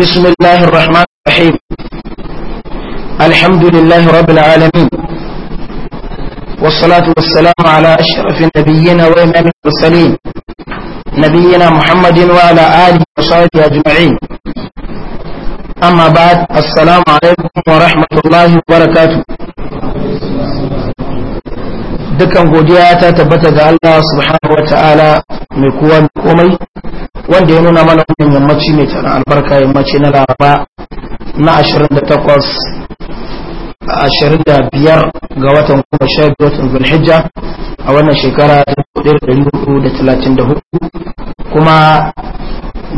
بسم الله الرحمن الرحيم الحمد لله رب العالمين والصلاة والسلام على أشرف النبيين وإمام المرسلين نبينا محمد وعلى آله وصحبه أجمعين أما بعد السلام عليكم ورحمة الله وبركاته dukan godiya ta tabbata ga Allah subhanahu wata'ala mai kowa mai komai wanda ya nuna mana wannan yammaci mai tana albarka yammaci na laraba na 28 biyar ga watan kuma sha biyu watan zulhijja a wannan shekara ta 1434 kuma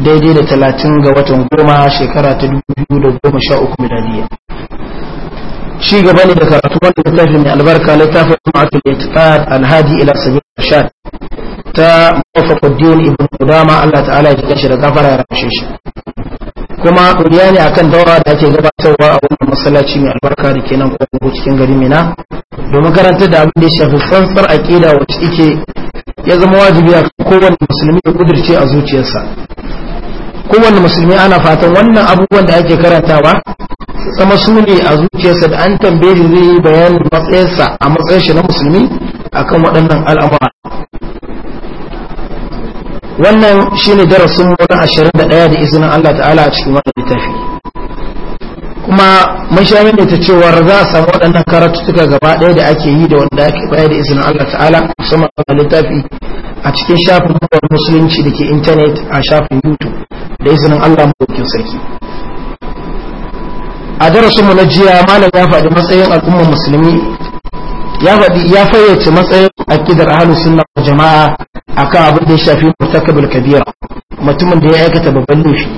daidai da 30 ga watan goma shekara ta 2013 miladiya shi gaba ne da karatu wanda littafin mai albarka littafin ma'atul itiqad alhadi ila sabil rashad ta mafakuddin ibn kudama Allah ta'ala ya jika shi da gafara ya rashe shi kuma kuriya ne akan daura da ake gabatarwa a wannan masallaci mai albarka da ke nan cikin gari mina domin karanta da abin da ya shafi fansar aqida wacce ike ya zama wajibi a kowane musulmi ya kudirce a zuciyarsa kowane musulmi ana fatan wannan abubuwan da ake karantawa zama su ne a zuciyarsa da an tambaye zai yi bayanin matsayinsa a matsayin shi na musulmi akan waɗannan al'amura wannan shine darasin mu na 21 da izinin Allah ta'ala a cikin wannan littafi kuma mun sha min ta cewar za a samu waɗannan karatuttuka gaba ɗaya da ake yi da wanda ake bayar da izinin Allah ta'ala musamman a littafi a cikin shafin kowar musulunci da ke intanet a shafin youtube da izinin Allah mabukin sarki a darasinmu na jiya malam ya faɗi matsayin al'ummar musulmi ya faɗi ya fayyace matsayin akidar ahlus sunna wal jama'a akan abin da ya shafi murtakabul kabira mutumin da ya aikata babban laifi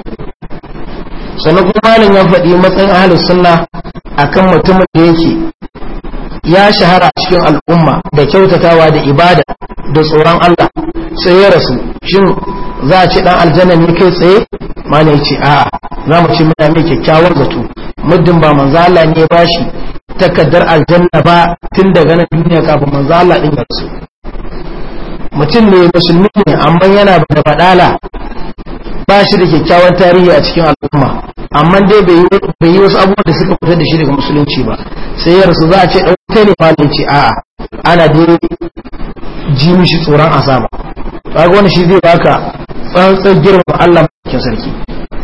sannan kuma malam ya faɗi matsayin ahlus sunna akan mutumin da yake ya shahara cikin al'umma da kyautatawa da ibada da tsoron Allah sai ya rasu shin za a ce dan aljanna ne kai tsaye mana ya ce a'a za mu ce muna mai kyakkyawar zato muddin ba manzo Allah ne ya bashi takardar aljanna ba tun daga nan duniya kafin manzo Allah din yarsu mutum ne musulmi ne amma yana da fadala ba shi da kyakkyawan tarihi a cikin al'umma amma dai bai yi wasu abubuwa da suka fita da shi daga musulunci ba sai ya rasu za a ce ɗauke ne falinci a a'a ana dai ji mishi tsoron azaba kaga wani shi zai baka tsantsan girman Allah cikin sarki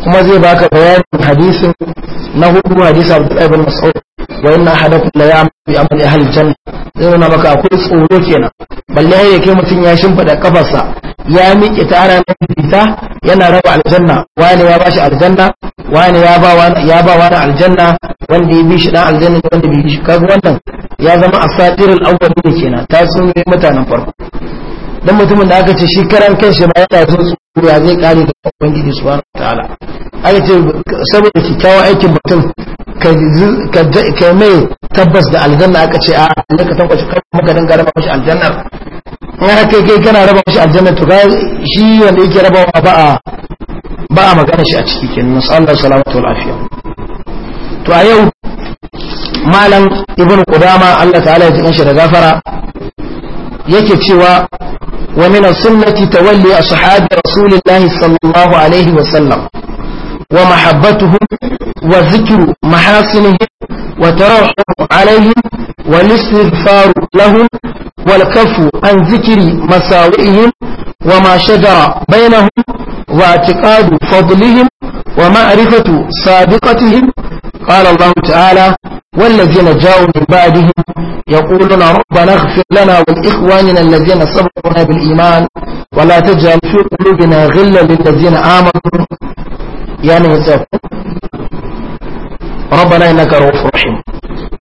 kuma zai baka bayanin hadisin na hudu hadisi Abdullah bin Mas'ud Wannan inna ahadakum ya ya'malu bi amali ahli janna zai nuna maka akwai tsoro kenan balle ya kai mutum ya shimfida kafarsa ya miƙe tara na fita yana raba aljanna wani ya bashi aljanna wani ya ba wani aljanna wanda ya bi shi dan aljanna wanda bai bi shi kaga wannan ya zama asatirul awwal ne kenan ta sun mutanen farko dan mutumin da aka ce shi karan kanshi ba yana jin su ya zai kare da ubangiji subhanahu ta'ala. aka ce saboda kikkiawan aikin mutum ka mai tabbas da aljanna aka ce a da ka tankwace kan maka dinga raba mashi aljannar in har kai kana raba mashi aljannar to ga shi wanda yake rabawa ba a ba a magana shi a ciki kenan sallallahu salamatu wa lafiya. to a yau malam ibnu qudama Allah ta'ala ya ji shi da gafara yake cewa ومن السنة تولي أصحاب رسول الله صلى الله عليه وسلم ومحبتهم وذكر محاسنهم وترحم عليهم والاستغفار لهم والكف عن ذكر مساوئهم وما شجر بينهم واعتقاد فضلهم ومعرفة سابقتهم قال الله تعالى والذين جاءوا من بعدهم يقولون ربنا اغفر لنا ولإخواننا الذين سبقونا بالإيمان ولا تجعل في قلوبنا غلا للذين آمنوا يا نوسف ربنا إنك رؤوف رحيم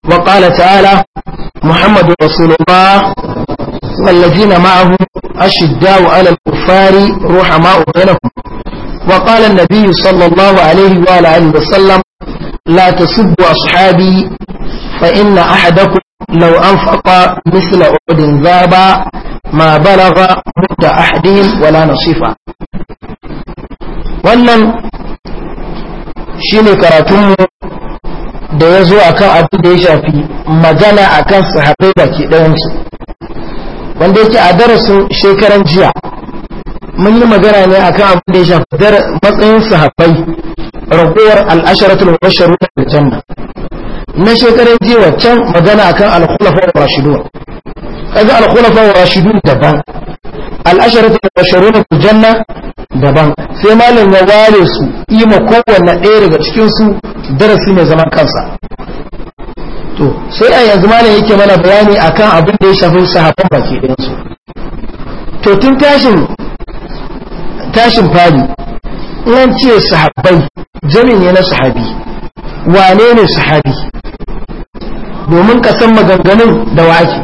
وقال تعالى محمد رسول الله والذين معه أشداء على الكفار رحماء بينهم وقال النبي صلى الله عليه وآله وسلم لا تسبوا أصحابي فإن أحدكم لو أنفق مثل أحد ذابا ما بلغ مد أحدهم ولا نصيفا wannan shi ne karatunmu da ya zo a kan abin da ya shafi magana a kan haɗai da ke ɗayansu wanda yake a darasin shekaran jiya mun yi magana ne a kan abin da ya shafi matsayin sahabbai ragowar al'asharatul basharu da janna na shekarar jiya waccan magana akan al-khulafa wa rashidun kaga al wa rashidun daban al-asharatul basharu da janna daban sai malam ya ware su ima kowanne ɗaya daga cikinsu darasi mai zaman kansa to sai a yanzu malam yake mana bayani a kan abin da ya shafi sahabban baki ɗayan su to tun tashin tashin fari in ce sahabbai Jamin ne na sahabi wane ne sahabi domin ka san maganganun da wake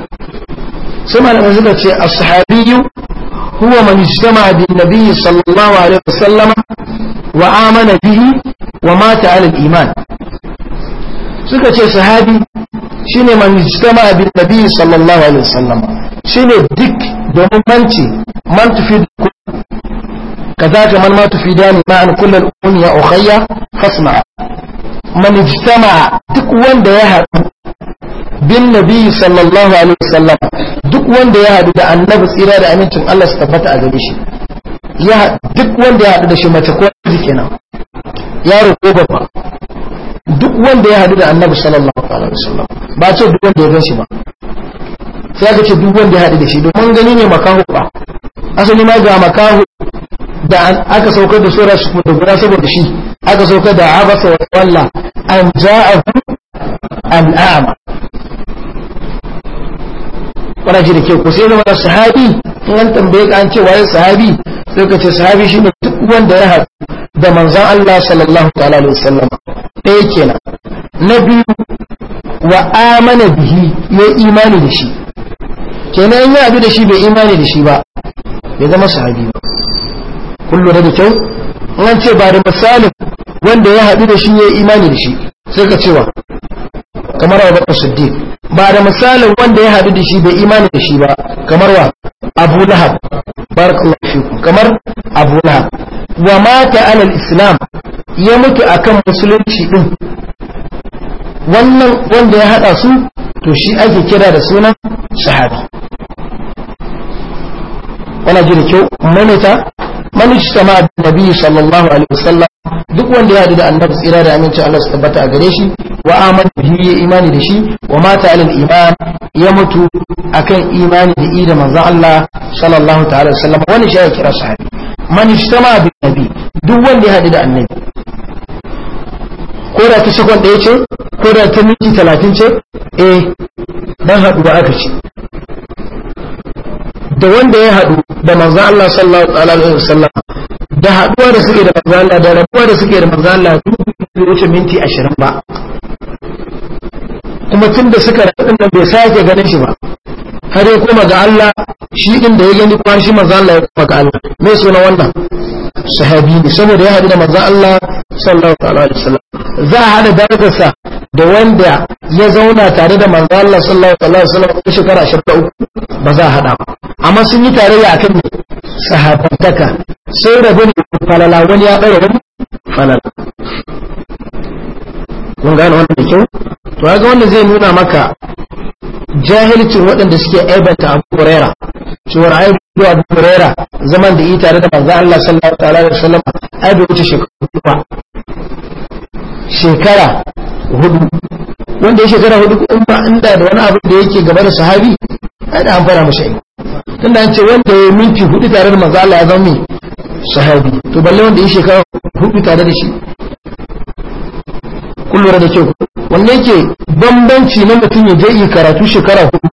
sai malamai suka ce as-sahabiyyu huwa man ijtama bin nabiyyi sallallahu alaihi wasallam wa amana bihi wa mata ala iman suka ce sahabi shine man ijtama bin nabiyyi sallallahu alaihi wasallam shine duk domin manci man tufi كذاك من مات في دان معا كل الأم يا أخي فاسمع من اجتمع تكوان ديها بالنبي صلى الله عليه وسلم duk wanda ya hadu da annabi tsira da amincin Allah su tabbata a gare shi ya duk wanda ya hadu da shi mace ko jiki nan yaro ko duk wanda ya hadu da annabi sallallahu alaihi ba duk wanda ya ba sai ka ce duk wanda ya hadu da shi domin gani ne makaho ba asali ma ga makaho da aka saukar da sura shi da guda saboda shi aka saukar da abasa wa walla an ja'ahu al'ama wani ji da ke ku sai zama sahabi in an tambaye ka an ce waye sahabi sai ka ce sahabi shi ne duk wanda ya haɗu da manzan Allah sallallahu ta'ala alaihi wasallam ɗaya kenan na biyu wa amana bihi ya imani da shi kenan in ya haɗu da shi bai imani da shi ba ya zama sahabi ba Kullu da kyau an ce ba da misalin wanda ya haɗu da shi ya imani da shi sai ka cewa kamar wa bakar siddiq ba da misalin wanda ya haɗu da shi bai imani da shi ba kamar wa abu lahab barakallahu fiku kamar abu lahab wa mata ala islam ya mutu akan musulunci din wannan wanda ya haɗa su to shi ake kira da sunan sahabi wani ji da kyau maimaita man ijtama nabi sallallahu alaihi wasallam duk wanda ya da annabi tsira da aminci Allah su tabbata a gare shi wa amana bihi ya imani da shi wa mata alal iman ya mutu akan imani da ida manzon Allah sallallahu ta'ala sallam wani shi ya kira sahabi man ijtama bi nabi duk wanda ya da annabi ko da ta sakon ɗaya ce ko da ta miji talatin ce eh dan haɗu ba aka ce da wanda ya haɗu da manzan Allah sallallahu alaihi wasallam da haɗuwa da suke da manzan Allah da rabuwa da suke da manzan Allah duk wuce minti ashirin ba kuma tun da suka raɗin nan bai sake ganin shi ba har ya koma ga Allah shi din da ya gani kuma shi manzan Allah ya koma ga Allah me suna wannan sahabi ne saboda ya haɗu da manzan Allah sallallahu alaihi wasallam za a haɗa darajarsa da wanda ya zauna tare da manzo Allah sallallahu alaihi wasallam a shekara 23 ba za a hada amma sun yi tarayya akan ne sahabbataka sai da bin falala wani ya ɗaura wani falala kun gane wannan da kyau to ga wannan zai nuna maka jahilcin waɗanda suke aibanta abu huraira cewar aibu abu huraira zaman da yi tare da manzo Allah sallallahu alaihi wasallam aibu wuce shekara shekara hudu wanda ya shekara hudu in ba inda da wani abu da yake gaba da sahabi ai da an fara mashi tunda an ce wanda ya minti hudu tare da manzo Allah ya zama sahabi to balle wanda ya shekara hudu tare da shi kun da kyau wanda yake bambanci na mutum ya je yi karatu shekara hudu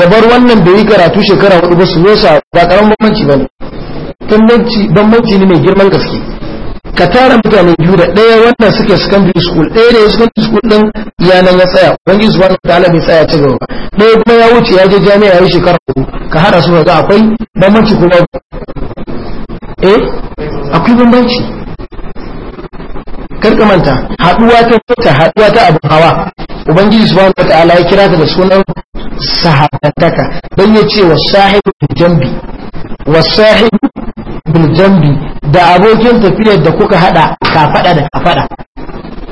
ya bar wannan da yi karatu shekara hudu ba su zo sa ba karamin bambanci ba ne bambanci ne mai girman gaske ka tara mutane biyu da ɗaya wanda suke secondary school ɗaya da ya secondary school ɗin yanan ya tsaya wani su wani ta'ala mai tsaya ci gaba ɗaya kuma ya wuce ya je jami'a ya yi shekara uku ka hada su ga akwai bambanci kuma eh akwai bambanci karka manta haɗuwa ta ta haɗuwa ta abin hawa ubangiji subhanahu wata'ala ya kira ta da sunan sahabantaka don ya ce wa sahibu jambi wa sahibu bil jambi da abokin tafiyar da kuka hada kafada da kafada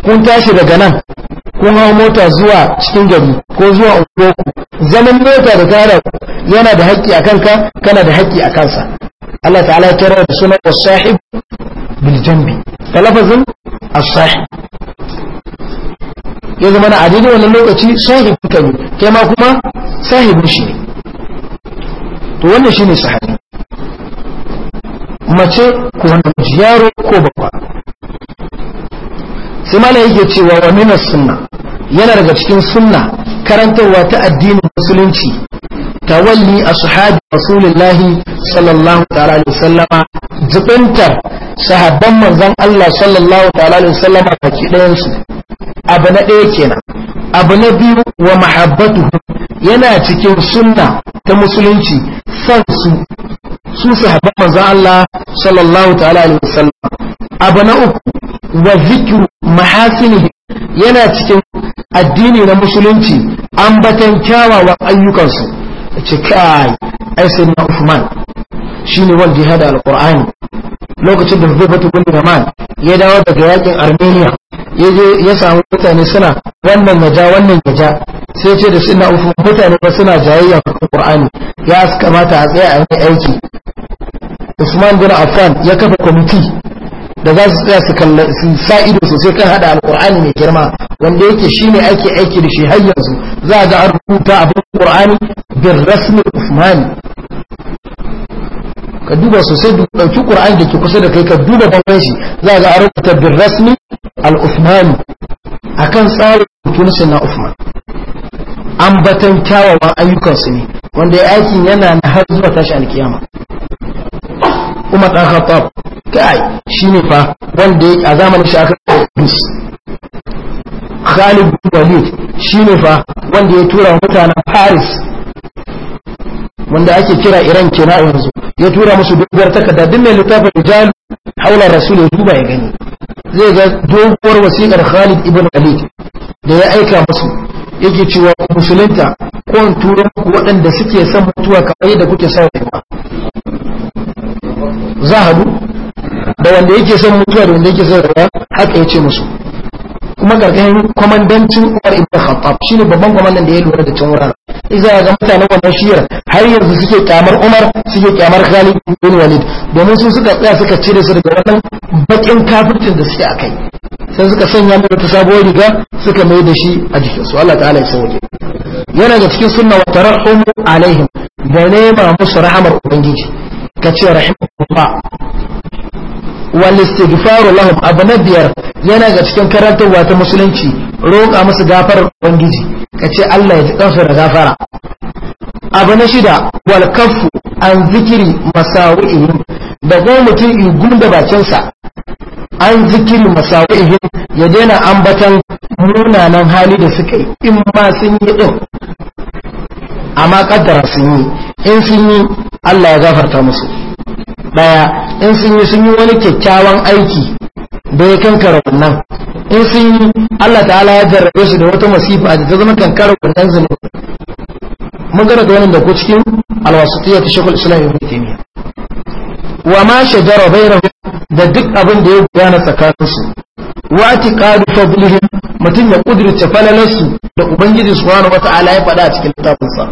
kun tashi daga nan kun hau mota zuwa cikin gari ko zuwa unguwarku zaman mota da tare yana da haƙƙi akan ka kana da haƙƙi a kansa Allah ta'ala ya kira da sunan as-sahib bil jambi talafazin as-sahib ya zama na adidi wannan lokaci sahib kuka ne kai ma kuma sahibin shi ne to wannan shine sahabi mace ko namiji yaro ko baba sai malai yake cewa wa mina sunna yana daga cikin sunna karantarwa ta addinin musulunci tawalli ashabi rasulillahi sallallahu ta'ala alaihi wasallama jibinta sahabban manzon Allah sallallahu ta'ala alaihi wasallama baki ɗayan su abu na ɗaya kenan abu na biyu wa mahabbatu yana cikin sunna ta musulunci san su su sahabban manzon Allah sallallahu ta'ala alaihi wasallam abu na uku wa zikru mahasinihi yana cikin addini na musulunci ambatan kyawawan ayyukansu ce kai ai sai na Uthman shine wanda ya hada alqur'ani lokacin da bata bin Yaman ya dawo daga yakin Armenia je ya samu mutane suna wannan ya wannan ya sai ce da suna ufu mutane ba suna jayayya kan ya kamata a tsaya a yi aiki usman bin affan ya kafa kwamiti da za su tsaya su kalla su sa ido sosai kan hada alqur'ani mai girma wanda yake shine ake aiki da shi har yanzu za a ga an rubuta abin qur'ani bin rasmi usmani ka duba sosai da ɗauki ƙur'ani da ke kusa da kai ka duba bangon shi za ga an rubuta bin rasmi al-usmani akan tsarin rubutunsu na usman ambatan kyawawan ayyukansu ne wanda ya aikin yana na har zuwa tashi alkiyama umar ɗan khattab kai shi ne fa wanda a zamanin shi aka khalid bin walid shi ne fa wanda ya tura mutanen paris wanda ake kira iran kira yanzu ya tura musu dubbar takarda duk mai littafin rijalu haula rasul ya duba ya gani zai ga doguwar wasiƙar khalid ibn walid da ya aika musu yake cewa musulunta ko turo muku waɗanda suke son mutuwa kamar yadda kuke son rayuwa za a hadu da wanda yake son mutuwa da wanda yake son rayuwa haka ya ce musu kuma karkashin kwamandancin umar ibn khattab shine babban kwamandan da ya lura da can Iza idan ga mutanen wannan shiyar har yanzu suke kyamar umar suke kyamar khalid bin walid domin su suka tsaya suka cire su daga wannan bakin kafircin da suke akai sai suka sanya mu ta sabuwar riga suka mai da shi a jikin su Allah ta'ala ya sauke yana da cikin sunna wa tarahum alaihim da nema musu rahamar ubangiji ka ce rahimahullah wal istighfaru lahum abu na biyar yana ga cikin karantarwa ta musulunci roƙa musu gafarar ubangiji kace Allah ya ji kansu da gafara abu na shida wal kaffu an zikiri masawi'ihim da go mutum igun da sa an zikiri masawi'ihim ya daina ambatan munanan hali da suka yi in ma sun yi din amma kaddara sun yi in sun yi Allah ya gafarta musu daya in sun yi sun yi wani kyakkyawan aiki da ya kankara wannan in sun yi Allah ta'ala ya jarrabe su da wata masifa da ta zama kankara wannan zunubi mun gara da wannan da ku cikin alwasitiyya ta shekul islam ibn taymiya wa ma shajara bainahum da duk abin da ya gudana tsakaninsu wa atiqadu fadlihim mutum ya kudirce falalarsu da ubangiji subhanahu ta'ala ya faɗa a cikin littafinsa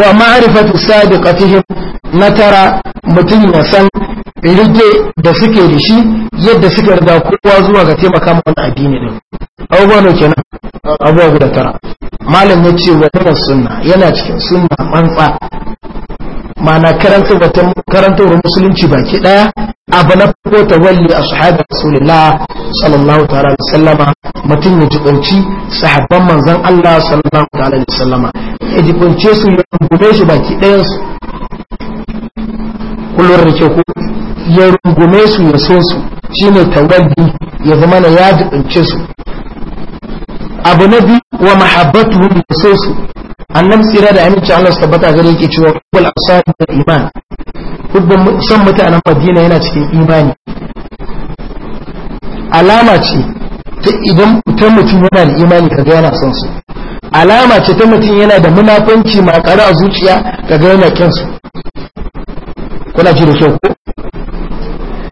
wa ma'rifatu sadiqatihim na tara mutum ya san rike da suke da shi yadda suke riga kowa zuwa ga taimaka ma wani addini din abubuwa ne kenan abubuwa guda tara malam ya ce wa sunna yana cikin sunna mantsa mana wa musulunci baki daya abu na farko ta walli a sahabi rasulullah sallallahu ta'ala alaihi sallama mutum ya jibanci sahabban Allah sallallahu ta'ala alaihi sallama ya jibance su ya rungume shi baki dayan su kullum da ke ku ya rungume su ya so su shine tawalli ya zama na ya jibance su abu na biyu wa mahabbatu ya so su annabi sira da aminci Allah su tabbata gare yake cewa kubbul asar da iman kubbun san mutanen Madina yana cikin imani alama ce ta idan mutum mutum yana da imani kaga yana son su alama ce ta mutum yana da munafanci makara a zuciya kaga yana kin su kuna ji da kyau ko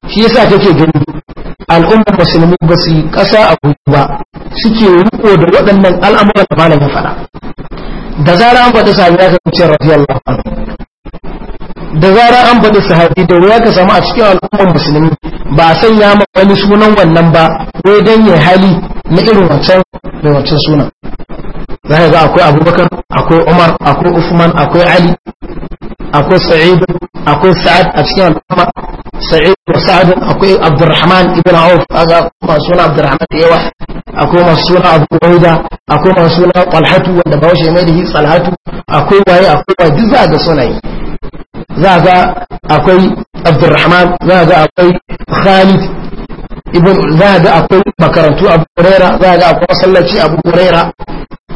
shi yasa kake gani al'ummar musulmi ba su yi ƙasa a ba suke riko da waɗannan al'amuran da malam ya faɗa da zara an faɗi sahabi ya kan ce radiyallahu anhu da zara an faɗi sahabi da ya ka samu a cikin al'ummar musulmi ba a sanya ma wani sunan wannan ba wai dan ya hali na irin wancan da wancan sunan za ka ga akwai abubakar akwai umar akwai usman akwai ali akwai sa'id akwai sa'ad a cikin al'umma sa'id da sa'ad akwai abdurrahman ibn auf kaga kuma suna abdurrahman da yawa akwai masu suna abu akwai suna talhatu wanda bawashi mai da his talhatu akwai waye akwai waye duk za ga sunaye za ga akwai abdurrahman za ga akwai khalid ibn za ga akwai makarantu abu huraira za ga akwai masallaci abu huraira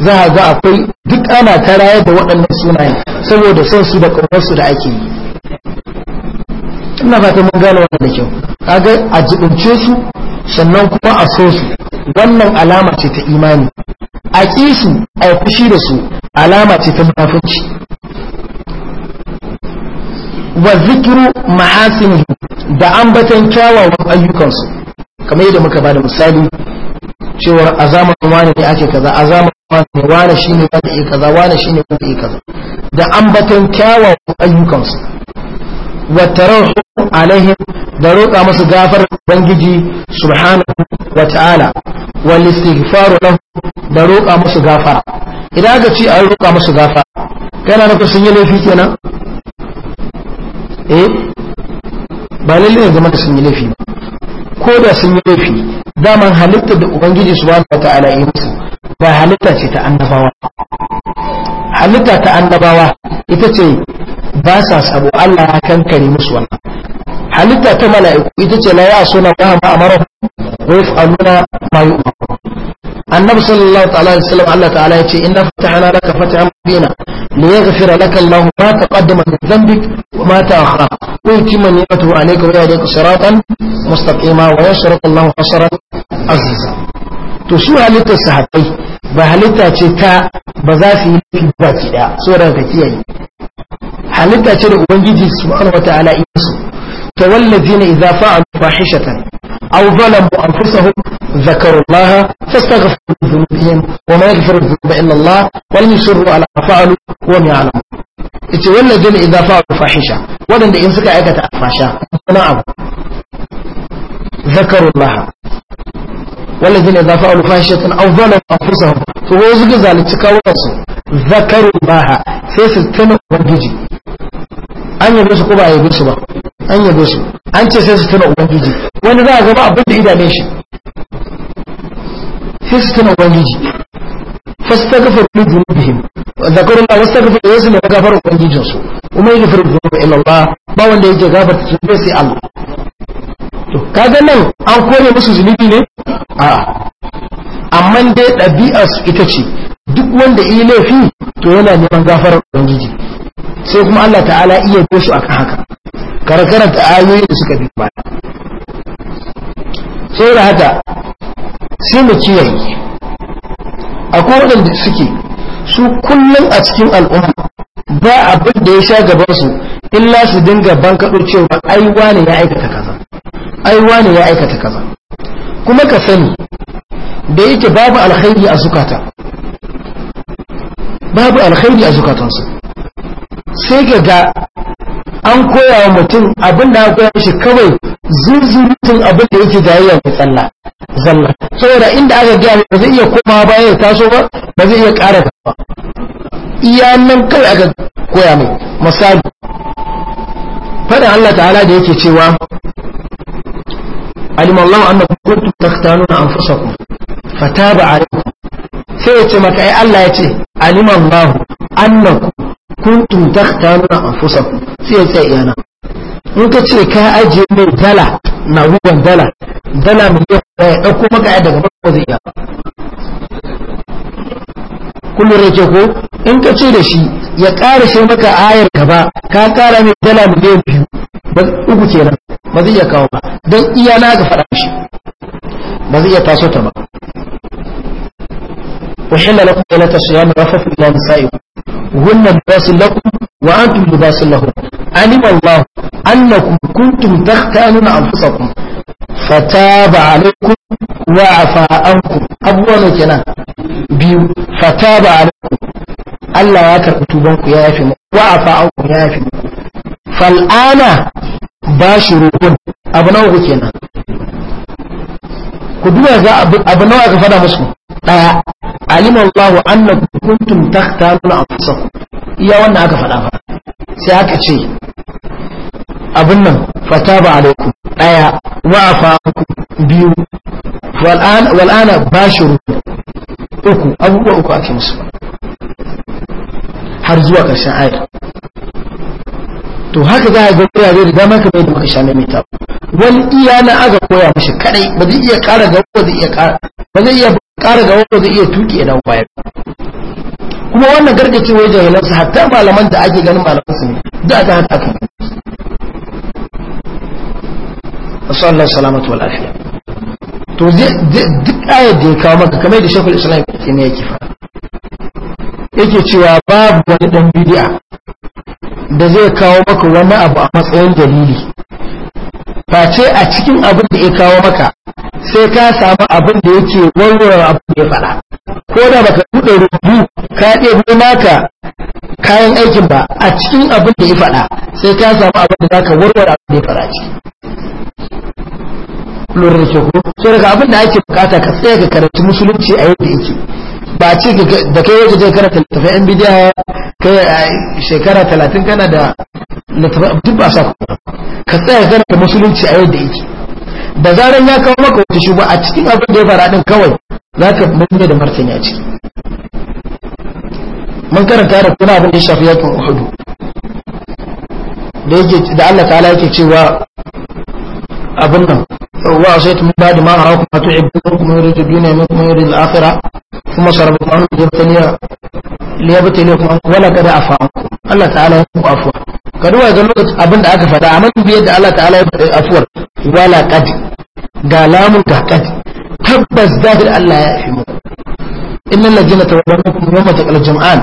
za ga akwai duk ana ta rayar da waɗannan sunaye saboda son su da kaunar da ake yi ina fata mun gane wannan da kyau kaga a jibince su sannan kuma a so su wannan alama ce ta imani a ƙi su a fushi da su alama ce ta munafunci wa zikiru mahasinihi da ambatan kyawawan ayyukansu kamar yadda muka bada misali cewa a zamanin wani ne ake kaza a zamanin wani shi ne wanda ya kaza wani shine ne wanda ya kaza da ambatan kyawawan ayyukansu wa tarahu alaihim da roƙa musu gafar bangiji subhanahu wa ta'ala wal istighfaru lahu da roƙa musu gafara idan aka ci a roƙa musu gafara kana na sun yi laifi kenan eh ba lalle ne zama da sun yi laifi ba, ko da sun yi laifi daman halitta da ubangiji subhanahu wa ta'ala yi musu ba halitta ce ta annabawa halitta ta annabawa ita ce ba sa sabo Allah ya kankare musu wannan halitta ta mala'iku ita ce na ya so na ba ma amara wa yaf'aluna ma annabi sallallahu ta'ala alaihi wasallam Allah ta'ala ya ce ina yace inna fatahna laka fatahan ya liyaghfira laka Allahu ma taqaddama min dhanbik wa ma ta ta'akhkhara wa yutimma ni'matahu 'alayka wa yahdika siratan mustaqima wa yashrata Allahu hasaran, aziza to su halitta sahabbai ba halitta ce ta ba za su yi laifi ba ki da saboda ka kiyaye halitta ce da ubangiji subhanahu wa ta'ala yi su فوالذين إذا فعلوا فاحشة أو ظلموا أنفسهم ذكروا الله فاستغفروا ذنوبهم وما يغفر الذنوب إلا الله ولم يسروا على ما فعلوا وهم يعلمون والذين إذا فعلوا فاحشة ولن ينسك عيكة أفاشا نعم ذكروا الله والذين إذا فعلوا فاحشة أو ظلموا أنفسهم فهو يزق ذلك تكاوصوا ذكروا الله فيسل تنو ونجي أن يبسوا قبعي يبسوا an yabe su an ce sai su tuna ubangiji wani za a zama abin da idame shi sai su tuna ubangiji fastaghfir li dhunubihim wa dhakrullaha wastaghfir li yasmi wa ghafara ubangijin su kuma gafar dhunuba ga Allah ba wanda yake gafarta zunubi sai Allah to kaga nan an kore musu zunubi ne a'a amma dai ɗabi'ar su ita ce duk wanda yi laifi to yana neman gafarar ubangiji sai kuma Allah ta'ala iya su akan haka karkarar ta ayoyin da suka bi baya sai da haka sai mu kiyaye akwai waɗanda suke su kullum a cikin al'umma ba abin da ya sha gabansu illa su dinga bankaɗo cewa ai wane ya aikata kaza ai wane ya aikata kaza kuma ka sani da yake babu alkhairi a zukata babu alkhairi a zukatansu sai ga ga an koya wa mutum abin da koya shi kawai zuzurutun abin da yake jayayya da tsalla zalla saboda inda aka gaya ba zai iya komawa ba ya taso ba ba zai iya ƙara ba iya nan kai aka koya mai misali faɗin Allah ta'ala da yake cewa alim Allah annakum kuntum takhtanuna anfusakum fataba alaykum sai ya ce maka ai Allah ya ce alim Allah annakum kuntum takhtaluna anfusakum sai ya tsaya yana in ka ce ka ajiye min dala na ruwan dala dala mai yau ya ɗauko maka daga ba zai iya ba. kullum rake ko in ka ce da shi ya ƙara shi maka ayar ba ka ƙara min dala miliyan biyu uku kenan ba zai iya kawo ba don iya na ga faɗa shi ba zai iya taso ta ba وحل لكم ليلة الصيام رفث إلى نسائكم hunna libasun lakum wa antum libasun lahum alima Allah annakum kuntum takhtanuna anfusakum fataba alaikum wa afa ankum abubuwa ne kenan biyu fataba alaikum Allah ya karɓi tubanku ya yafe muku wa afa ankum ya yafe muku fal'ana ba shi abu nawa ku duba abu nawa ka fada musu ɗaya. alim Allah annakum kuntum takhtanuna anfusakum iya wannan aka faɗa fa sai aka ce abin nan fata ba alaikum daya wa afa biyu wal an wal ana bashiru uku abubuwa uku ake musu har zuwa ƙarshen ayar to haka za a ga wurare da dama kamar yadda muka shame mai wani iya na aga koya mashi kadai ba zai iya kara gaba ba zai iya kara ba zai iya ƙara ga wanda zai iya tuki idan baya kuma wannan gargace wai jahilan su hatta malaman da ake ganin malaman su ne da aka hada kan sallallahu salamatu wal afiya to duk ayar da ya kawo maka kamar da shekul islam ne yake fa yake cewa babu wani dan bidi'a da zai kawo maka wani abu a matsayin dalili face a cikin abin da ya kawo maka sai ka samu abin da yake warware abin da ya faɗa ko da baka buɗe rubu ka ɗebo maka kayan aikin ba a cikin abin da ya faɗa sai ka samu abin da zaka warware abin da ya faɗa ciki lura da ko so daga abin da ake bukata ka tsaya ka karanci musulunci a yadda yake ba ce da kai yadda zai karanta littafin yan bidiya kai a shekara talatin kana da littafin duk ba sa ka tsaya ka karanta musulunci a yadda yake da zaran ya kawo maka wata shuba a cikin abin da ya fara din kawai za ka manya da martani a ciki mun karanta da kuna abin da ya shafi yakin uhudu da yake da Allah ta'ala yake cewa abin nan wa asaitu min ba'di ma arakum ma tu'ibbukum wa yuridu dunya minkum wa yuridu al-akhirah kuma sarabakum an tabtaniya kuma wala kada afa Allah ta'ala yakum afa ka duba ga lokacin abin da aka faɗa amma biyar da Allah ta'ala ya faɗa afuwar wala qad ga lamun ga qad tabbas zahir Allah ya fi muku innal ladina tawallakum yawma taqal jam'an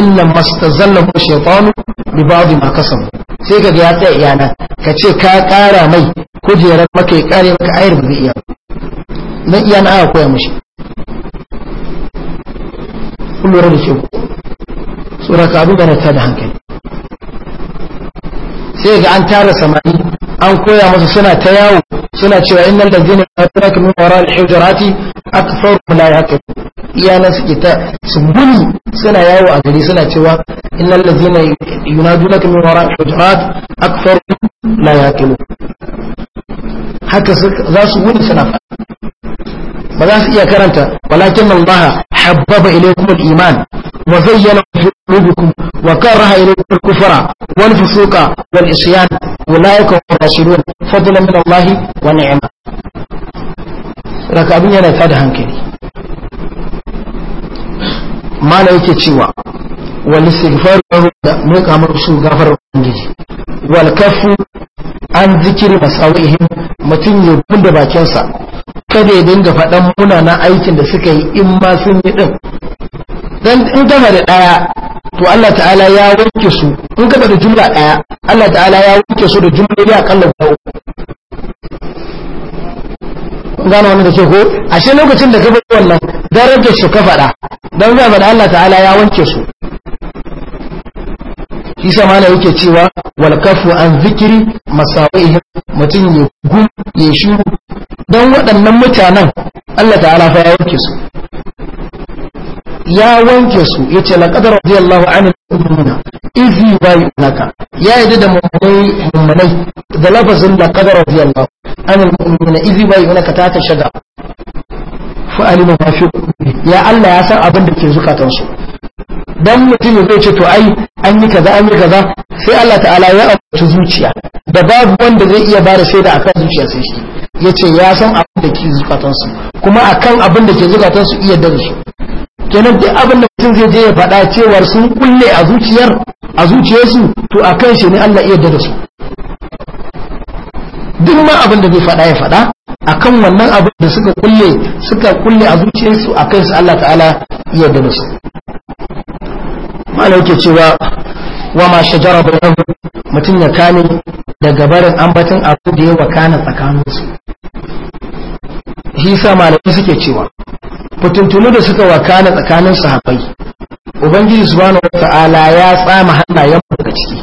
illa mastazallahu ash-shaytanu bi ba'd ma kasabu sai ka ga ya tsaya iyana ka ce ka ƙara mai kujerar maka ya ƙare maka ayar ba zai iya na iyana aka koya mishi Kullum da ke ku sura ka abu da ta da hankali sai ga an tara samani an koya musu suna ta yawo suna cewa in innal ladina yatraka min wara al-hujurati aktharu la haka. iyalan su kita su gudu suna yawo a gari suna cewa in innal ladina yunadunaka min wara al-hujurat aktharu la yaqtu haka za su gudu suna fa ba za su iya karanta walakin Allah habbaba ilaykum al-iman وزين في قلوبكم وكره إليكم الكفر والفسوق والعصيان أولئك هم الراشدون فضلا من الله ونعمة لك أبن يلا تاد هنكلي ما لا يتشوى والاستغفار له ميك أمر سوء غفر والكف عن ذكر مساوئهم mutum يبن bunda bakinsa kada ya dinga faɗan munana aikin da suka yi dan in gaba da daya to Allah ta'ala ya wanke su in gaba da jumla daya Allah ta'ala ya wanke su da jumloli kallon guda uku gano wannan da ke ko ashe lokacin da ka bar wannan darajar su ka faɗa dan gaba da Allah ta'ala ya wanke su sama mana yake cewa wal kafu an zikiri masawihi mutum ya gun ya shiru. dan waɗannan mutanen Allah ta'ala fa ya wanke su ya wanke su ya ce laƙadar radiyallahu anil mu'minuna izi bayu naka ya yi da mummunai mummunai da lafazin laƙadar radiyallahu anil mu'minuna izi bayu naka ta ta shaga fa'alima ma fi ya Allah ya san abin da ke zukatansu dan mutum zai ce to ai an yi kaza an yi kaza sai Allah ta'ala ya ambaci zuciya da babu wanda zai iya bada shaida akan zuciya sai shi yace ya san abin da ke zukatansu kuma akan abin da ke zukatansu iya dare su kenan duk abin da mutum zai je ya faɗa cewar sun kulle a zuciyar a zuciyarsu to a kan shi ne Allah iya da su duk ma abin da zai faɗa ya faɗa akan wannan abin da suka kulle suka kulle a zuciyarsu a kan su Allah ta'ala iya da su malau ke cewa wa ma shajara bainahu mutum ya kame daga barin ambatin abu da ya wakana tsakaninsu shi sa malamai suke cewa fitintunu da suka wakana tsakanin sahabbai ubangiji subhanahu wata'ala ya tsama hannayen mu daga ciki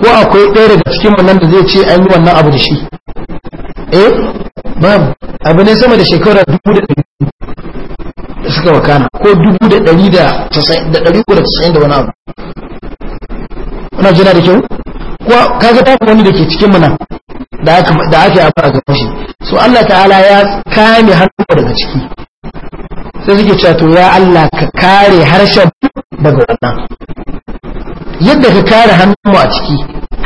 ko akwai ɗaya daga cikin mu nan da zai ce an yi wannan abu da shi eh babu abu ne sama da shekara dubu da ɗari da suka wakana ko dubu da ɗari da ɗari da tasa'in da wani abu kuna jina da kyau ko kaga ta wani da ke cikin mu nan da aka yi abu a gaban shi so Allah ta'ala ya kame hannu daga ciki sai suke cewa to ya Allah ka kare harshen daga wannan yadda ka kare hannun mu a ciki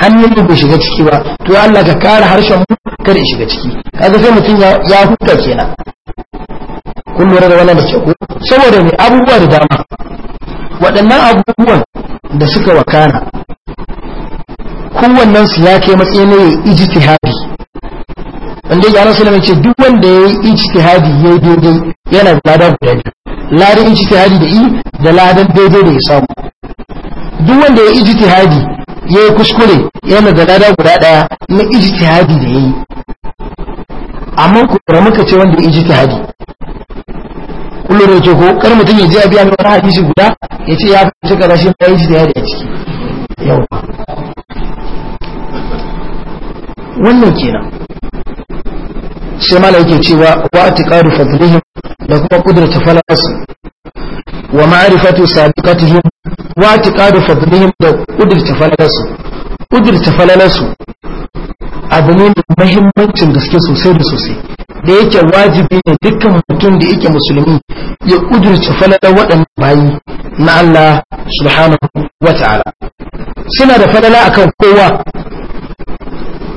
hannun mu bai shiga ciki ba to ya Allah ka kare harshen mu kar ya shiga ciki kaga sai mutum ya huta kenan kun lura da wannan da ke ko saboda ne abubuwa da dama waɗannan abubuwan da suka wakana kowannen su ya kai matsayin ne ijtihadi wanda ya rasu da ce duk wanda ya yi ijtihadi ya yi daidai yana da ladan guda biyu ladan ijtihadi da i da ladan daidai da ya samu duk wanda ya yi ijtihadi ya yi kuskure yana da lada guda daya na ijtihadi da ya yi amma kura muka ce wanda ya yi ijtihadi kullum da ce ko kar mutum ya je a biya wani hadisi guda ya ce ya fi kaza shi ya yi ijtihadi a ciki yau wannan kenan sai mala yake cewa wa atiqadu fadlihim da kuma kudrata falas wa ma'rifatu sabiqatihim wa atiqadu fadlihim da kudrata falas kudrata falas abu ne mai muhimmancin gaske sosai da sosai da yake wajibi ne dukkan mutum da yake musulmi ya kudurce falalar waɗannan bayi na Allah subhanahu wa ta'ala suna da falala akan kowa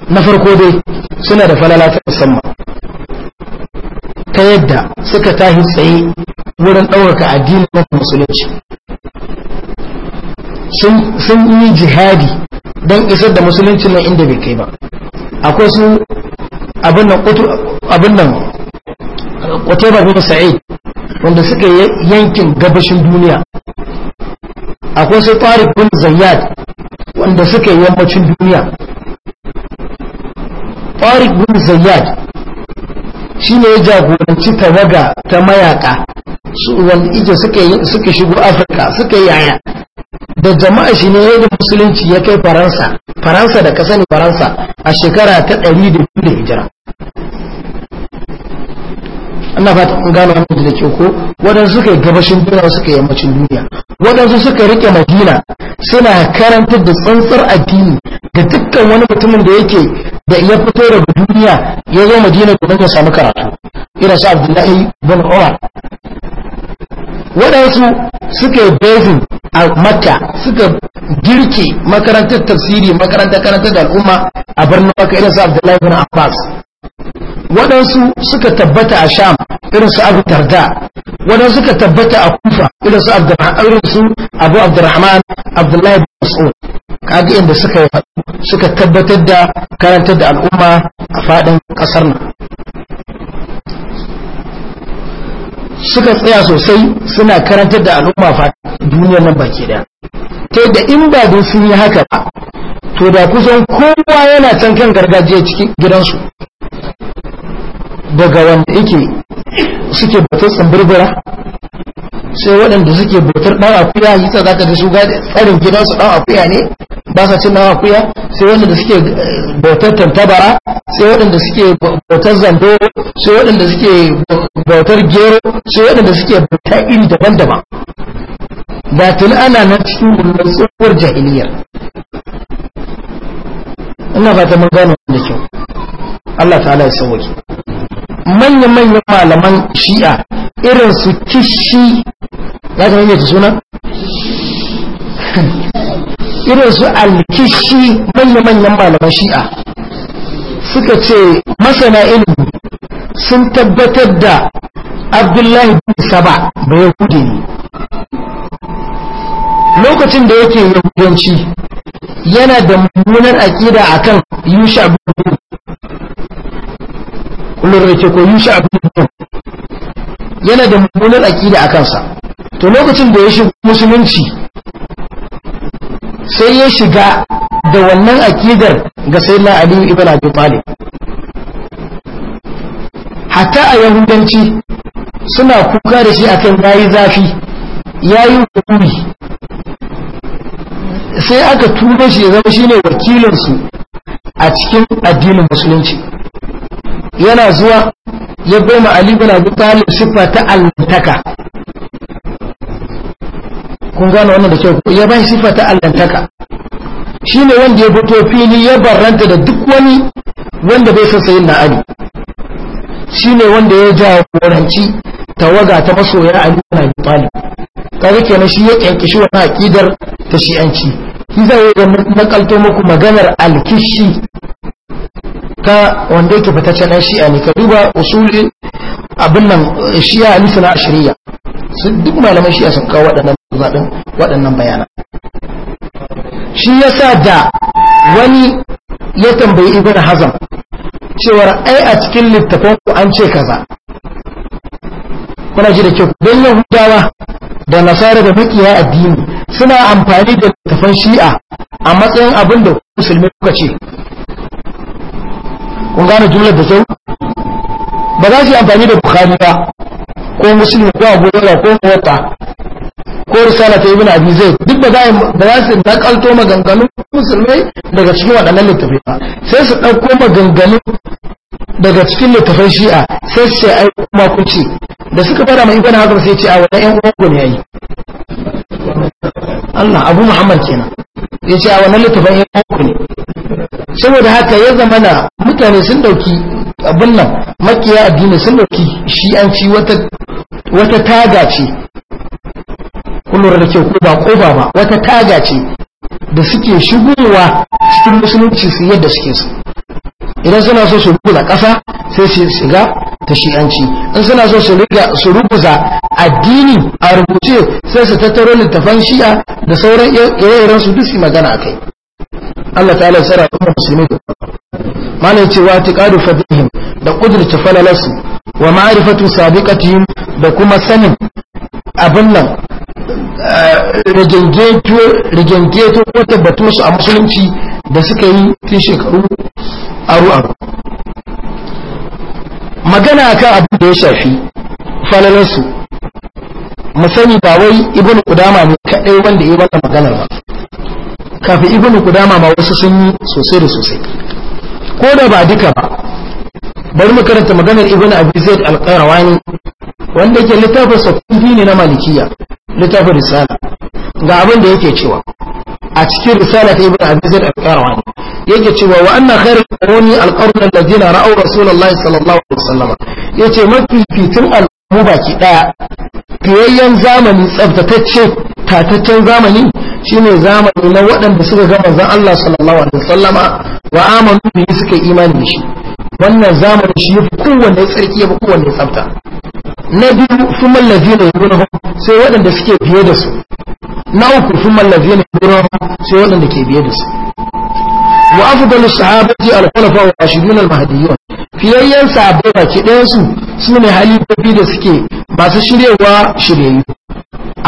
na farko dai suna da falala ta musamman ta yadda suka tahi tsaye wurin ɗaukaka addinin musulunci sun yi jihadi don isar da musulunci na inda bai kai ba akwai su abin nan kwateba bin sa'id wanda suka yankin gabashin duniya akwai su tarik bin zayyad wanda suka yi yammacin duniya tariq bin zayyad shi ne ya jagoranci tawaga ta mayaka su wal'ija suka shigo afirka suka yi yaya da jama'a shi ne yadda musulunci ya kai faransa faransa da kasan faransa a shekara ta 100 da hijira ana fata an gano wani da ke ko waɗansu suka yi gabashin duniya suka yi yammacin duniya waɗansu suka rike madina suna karantar da tsantsar addini ga dukkan wani mutumin da yake da ya fito daga duniya ya zo madina domin ya samu karatu irin su abdullahi bin umar waɗansu suka yi bezin a makka suka girke makarantar tafsiri makarantar karantar da al'umma a birnin makka irin su abdullahi bin abbas waɗansu suka tabbata a sham irin su abu tarda waɗansu suka tabbata a kufa irin su abu abdurrahman abdullahi bin mas'ud kaga inda suka suka tabbatar da karantar da al'umma a fadin kasar nan suka tsaya sosai suna karantar da al'umma a fadin duniya nan baki da ta yadda in ba don sun yi haka ba to da kusan kowa yana can kan gargajiya cikin gidansu daga wanda yake suke bautar tsambirbira sai waɗanda suke bautar ɗan akuya yi ta zaka da su ga tsarin gidansu ɗan akuya ne ba sa cin nama kuya sai waɗanda suke eh, bautar tantabara sai waɗanda suke bautar zando sai waɗanda suke bautar gero sai waɗanda suke bautar iri daban-daban Da tuni ana na cikin wannan tsohuwar jahiliyar ina ba ta mun gano da kyau Allah ta'ala ya sauwaki manya-manyan malaman shi'a irin su kishi za ka nuna suna irin su alkishi manya-manyan malaman shi'a suka ce masana ilimi sun tabbatar da abdullahi bin saba da yahudi ne lokacin da yake yahudanci yana da mummunar akida akan yusha bin ke ko yusha bin yana da mummunar akida akansa to lokacin da ya shiga musulunci sai ya shiga da wannan akidar ga sayyidina ali ibn abi talib hatta a yahudanci suna kuka da shi akan yayi zafi yayi hukumi sai aka tura shi ya zama shine wakilin su a cikin addinin musulunci yana zuwa ya bai ma ali ibn abi talib siffa ta allantaka kun gane wannan da kyau ya bai sifa ta allantaka shine wanda ya fito fili ya barranta da duk wani wanda bai san sayin na ali shine wanda ya jagoranci tawaga ta masoyar ali na ali kaga kenan shi ya kyankishi wani akidar ta shi'anci shi zai ga nakalto muku maganar alkishi ta wanda yake fitaccen ɗan shi'a ne ka duba usulin abin nan shi'a alisa na ashiriya duk malaman shi'a sun kawo waɗannan waɗannan bayanan shi ya sa da wani ya tambayi ibn hazam cewar ai a cikin littafin ku an ce kaza kuna ji da kyau don yahudawa da nasara da makiya addini suna amfani da littafin shi'a a matsayin abin da musulmi kuka ce kun gane jumlar da sau ba za su yi amfani da bukhari ba ko musulmi ko abu ko mota ko risala ta ibn abi zaid duk ba za su nakalto maganganun musulmai daga cikin waɗannan littafai ba sai su ɗauko maganganun daga cikin littafan shi'a sai su ce ai kuma ku ce da suka fara mai ibn hazm sai ce a wannan yan uwan ne yayi Allah Abu Muhammad kenan ya ce a wannan littafan yan uwan ne saboda haka ya zamana mutane sun dauki abin nan makiya addini sun dauki shi'anci wata wata taga ce kun da ke ko ba kofa ba wata taga ce da suke shigowa cikin musulunci su yadda suke su idan suna so su rubuza ƙasa sai su shiga ta shi'anci in suna so su rubuza addini a rubuce sai su tattaro littafan shi'a da sauran ire-iren su duk su magana a kai Allah ta'ala ya tsara kuma musulmi da malai cewa tiqadu fadihim da kudurta falalasu wa ma'rifatu sabiqatihim da kuma sanin abin nan rigengeto ko tabbatu su a musulunci da suka yi tun shekaru aru-aru magana kan abin da ya shafi falalarsu musani ba wai ibn kudama ne kaɗai wanda ya bata magana ba kafin ibn kudama ma wasu sun yi sosai da sosai ko da ba duka ba bari mu karanta maganar ibn abu zaid al-qarawani wanda ke littafin sa ne na malikiya littafin risala ga abin da yake cewa a cikin risala ta ibn abizir al-qarawani yake cewa wa anna khairul quruni al-qurun alladhina ra'aw rasulullahi sallallahu alaihi wasallam yace mafi fitin al-mu baki daya fiyayyen zamani tsabtatacce tataccen zamani shine zamani na waɗanda suka ga manzon Allah sallallahu alaihi wasallama wa amanu bihi suka imani da shi wannan zamani shi yafi kowanne tsarki yafi kowanne tsafta na biyu sun kuma alladhina yabunahum sai waɗanda suke biye da su na uku sun mallafi ne biro sai waɗanda ke biye da su wa afdalu sahabati al-khulafa wa rashidun al-mahdiyyun fiyayyen sahabbai baki ɗayan su sune halifofi da suke masu shiryewa shiryayyu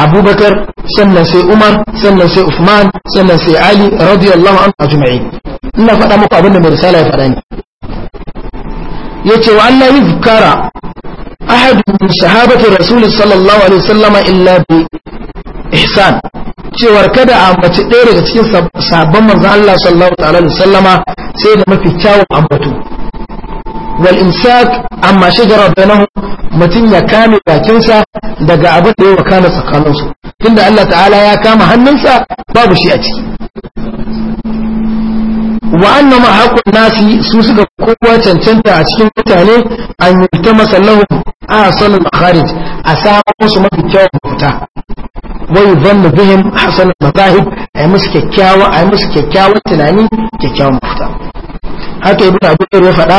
abubakar sannan sai umar sannan sai usman sannan sai ali radiyallahu anhu ajma'in ina faɗa muku abin da mai risala ya faɗa ne yace wa Allah yuzkara ahad min sahabati rasul sallallahu alaihi wasallama illa bi ihsan cewar kada a ambaci ɗaya daga cikin sabon manzon Allah sallallahu alaihi Sallama, sai da mafi kyawun ambato wal imsak amma shajara bainahum mutum ya kame bakinsa daga abin da ya wakana tsakaninsu tunda Allah ta'ala ya kama hannunsa babu shi a ciki wa anna ma nasi su suka kowa cancanta a cikin mutane an yuta masallahu a sanin kharij a samu su mafi kyawun mafita wai zanna bihim hasan mazahib ay musu kyakkyawa ay musu kyakkyawan tunani kyakkyawan mafita haka ibnu abu ya faɗa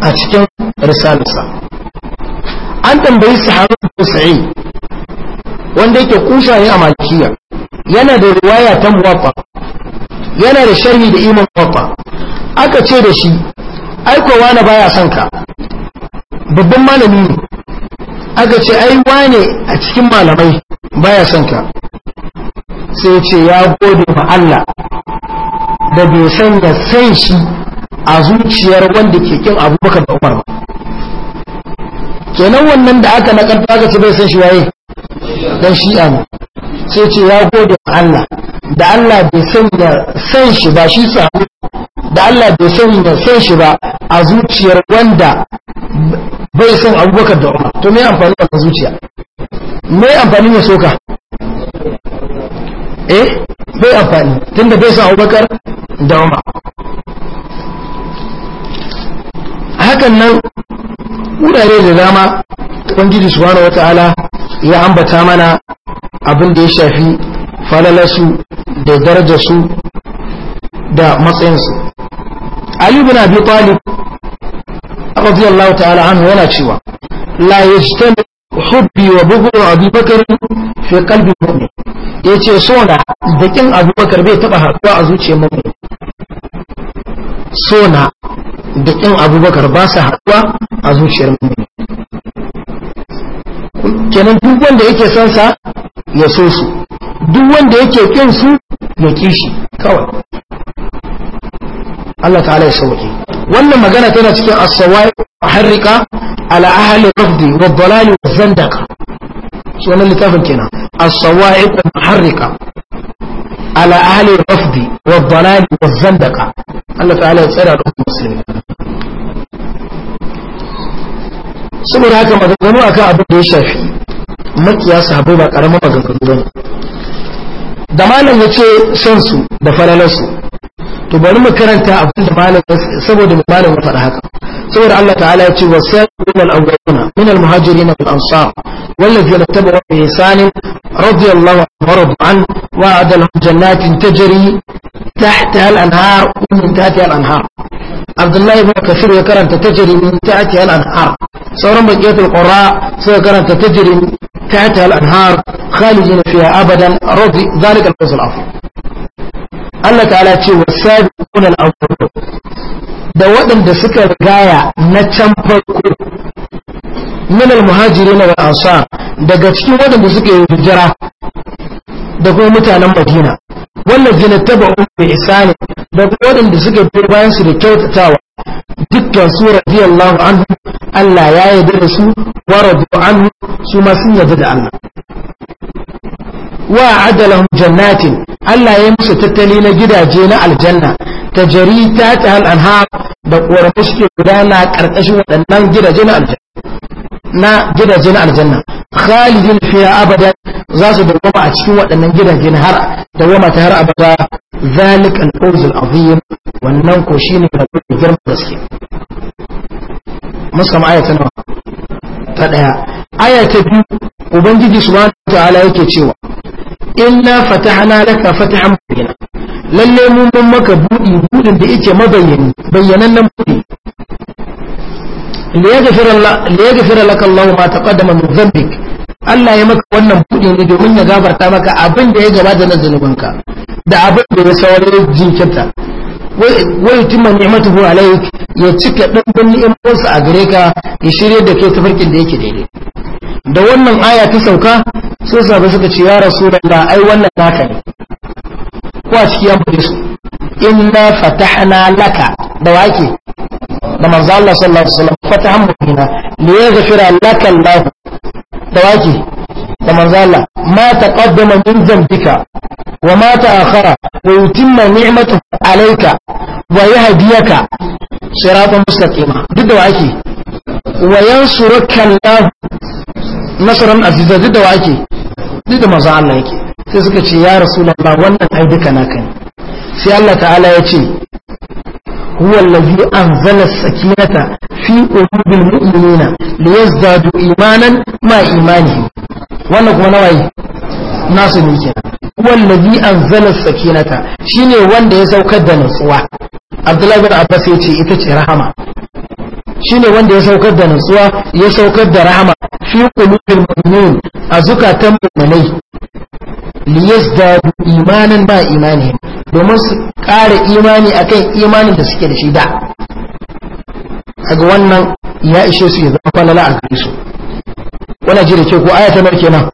a cikin risalarsa an tambayi sahabu sa'id wanda yake kushaye a malikiya yana da riwaya ta muwaffa yana da sharhi da iman kwakwa aka ce da shi aikowa na baya son ka babban malami ne aka ce ai wane a cikin malamai baya son ka sai ce ya gode ma Allah da bai da san shi a zuciyar wanda ke kin abubakar da umar kenan wannan da aka nakarta aka ce bai san shi waye dan shi'a ne sai ce ya gode ma Allah da Allah bai sanya san shi ba shi samu da Allah bai sanya san shi ba a zuciyar wanda bai san abubakar da umar to me amfani da zuciya me amfani ne soka eh bai amfani tunda bai san abubakar da umar hakan nan wurare da dama ubangiji subhanahu wataala ya ambata mana abin da ya shafi falalarsu da su da matsayinsu ali bin abi talib radiyallahu ta'ala anhu yana cewa la yajtami hubbi wa bughdu abi bakr fi qalbi mu'min yace so na bakin abu bakar bai taba haɗuwa a zuciyar mu'min so na bakin abu bakar ba sa haɗuwa a zuciyar mu'min kenan duk wanda yake son sa ya so su duk wanda yake kin su ya kishi kawai Allah ta'ala ya sauke wannan magana tana cikin as-sawai harrika ala ahli rafdi wa dalal wa zandaka shi wannan littafin kenan as-sawai harrika على أهل الرفض والضلال والزندقة الله تعالى يسأل عن أخت المسلمين saboda haka maganganu a kan abin da ya shafi makiya sahabai ba ƙaramin maganganu ba ne. da malam ya ce son su da falalarsu to bari mu karanta abin da malam saboda malam ya faɗa haka saboda Allah ta'ala ya ce wa sayyidun al-awwalina min al-muhajirin wal ansar والذين اتبعوا بإحسان رضي الله ورضوا عنه وعد لهم جنات تجري تحتها الأنهار ومن تحتها الأنهار عبد الله بن كثير يكرم تجري من تحتها الأنهار sauran bakiyar alƙura sai karanta ta تحتها الأنهار خالدين فيها أبدا رضي ذلك الفوز العظيم الله تعالى تشي والسابقون الأولون da waɗanda suka gaya na can farko min almuhajirin wal ansa daga cikin waɗanda suka yi hijira da kuma mutanen Madina wannan jina taba'u bi isani da kuma waɗanda suka bi bayan su da kyautatawa dukkan su radiyallahu anhu Allah ya yarda da su wa radu anhu su ma sun yarda da Allah wa adalahum jannatin Allah ya musu tattali na gidaje na aljanna tajari ta ta hal anhar da korafi suke gudana karkashin waɗannan gidaje na aljanna na gidaje na aljanna khalidin fiha abada za su dawama a cikin waɗannan gidaje na har dawama ta har abada zalik al-fawz al-azim wannan ko shine girma gaske musamman aya ta nawa ta daya aya ta biyu ubangiji subhanahu ta'ala yake cewa inna fatahna laka fatahan bayyana lalle mun mun maka budi budin da yake mabayyani bayyanan nan budi liyaghfira laka Allah ma taqaddama min dhanbik Allah ya maka wannan budi ne domin ya gafarta maka abin da ya gabata na zanubanka da abin da ya saurare jinkirta wai tumma ni'matuhu alayk ya cika dandan ni'imarsa a gare ka ya shirye da ke tafarkin da yake daidai da wannan aya ta sauka sai sabu suka ce ya rasulullah ai wannan naka ne ko a ciki ya bude su inna fatahna laka da wake da manzo Allah sallallahu alaihi wasallam fatahna mu'mina li yaghfira laka Allah da wake da manzala ma taqaddama min dhanbika wa ma ta'akhara wa yutimma ni'matu alayka wa yahdiyaka siratan mustaqima duk da wake wa yansuruka Allah nasran aziza duk da wake duk da manzo Allah yake sai suka ce ya rasulullah wannan ai duka naka ne sai Allah ta'ala ya ce هو الذي أنزل السكينة في قلوب المؤمنين ليزدادوا إيمانا مع إيمانهم wannan kuma nawaye nasu ne kenan wallazi anzala sakinata shine wanda ya saukar da nutsuwa Abdullahi bin Abbas yace ita ce rahama shine wanda ya saukar da nutsuwa ya saukar da rahama fi qulubil mu'minin azukatan mu'minai liyazdadu imanan ba imani domin su ƙara imani akan imanin da suke da shi da kaga wannan ya ishe su ya zama falala a gare su wani ji da ke ko aya ta nawa kenan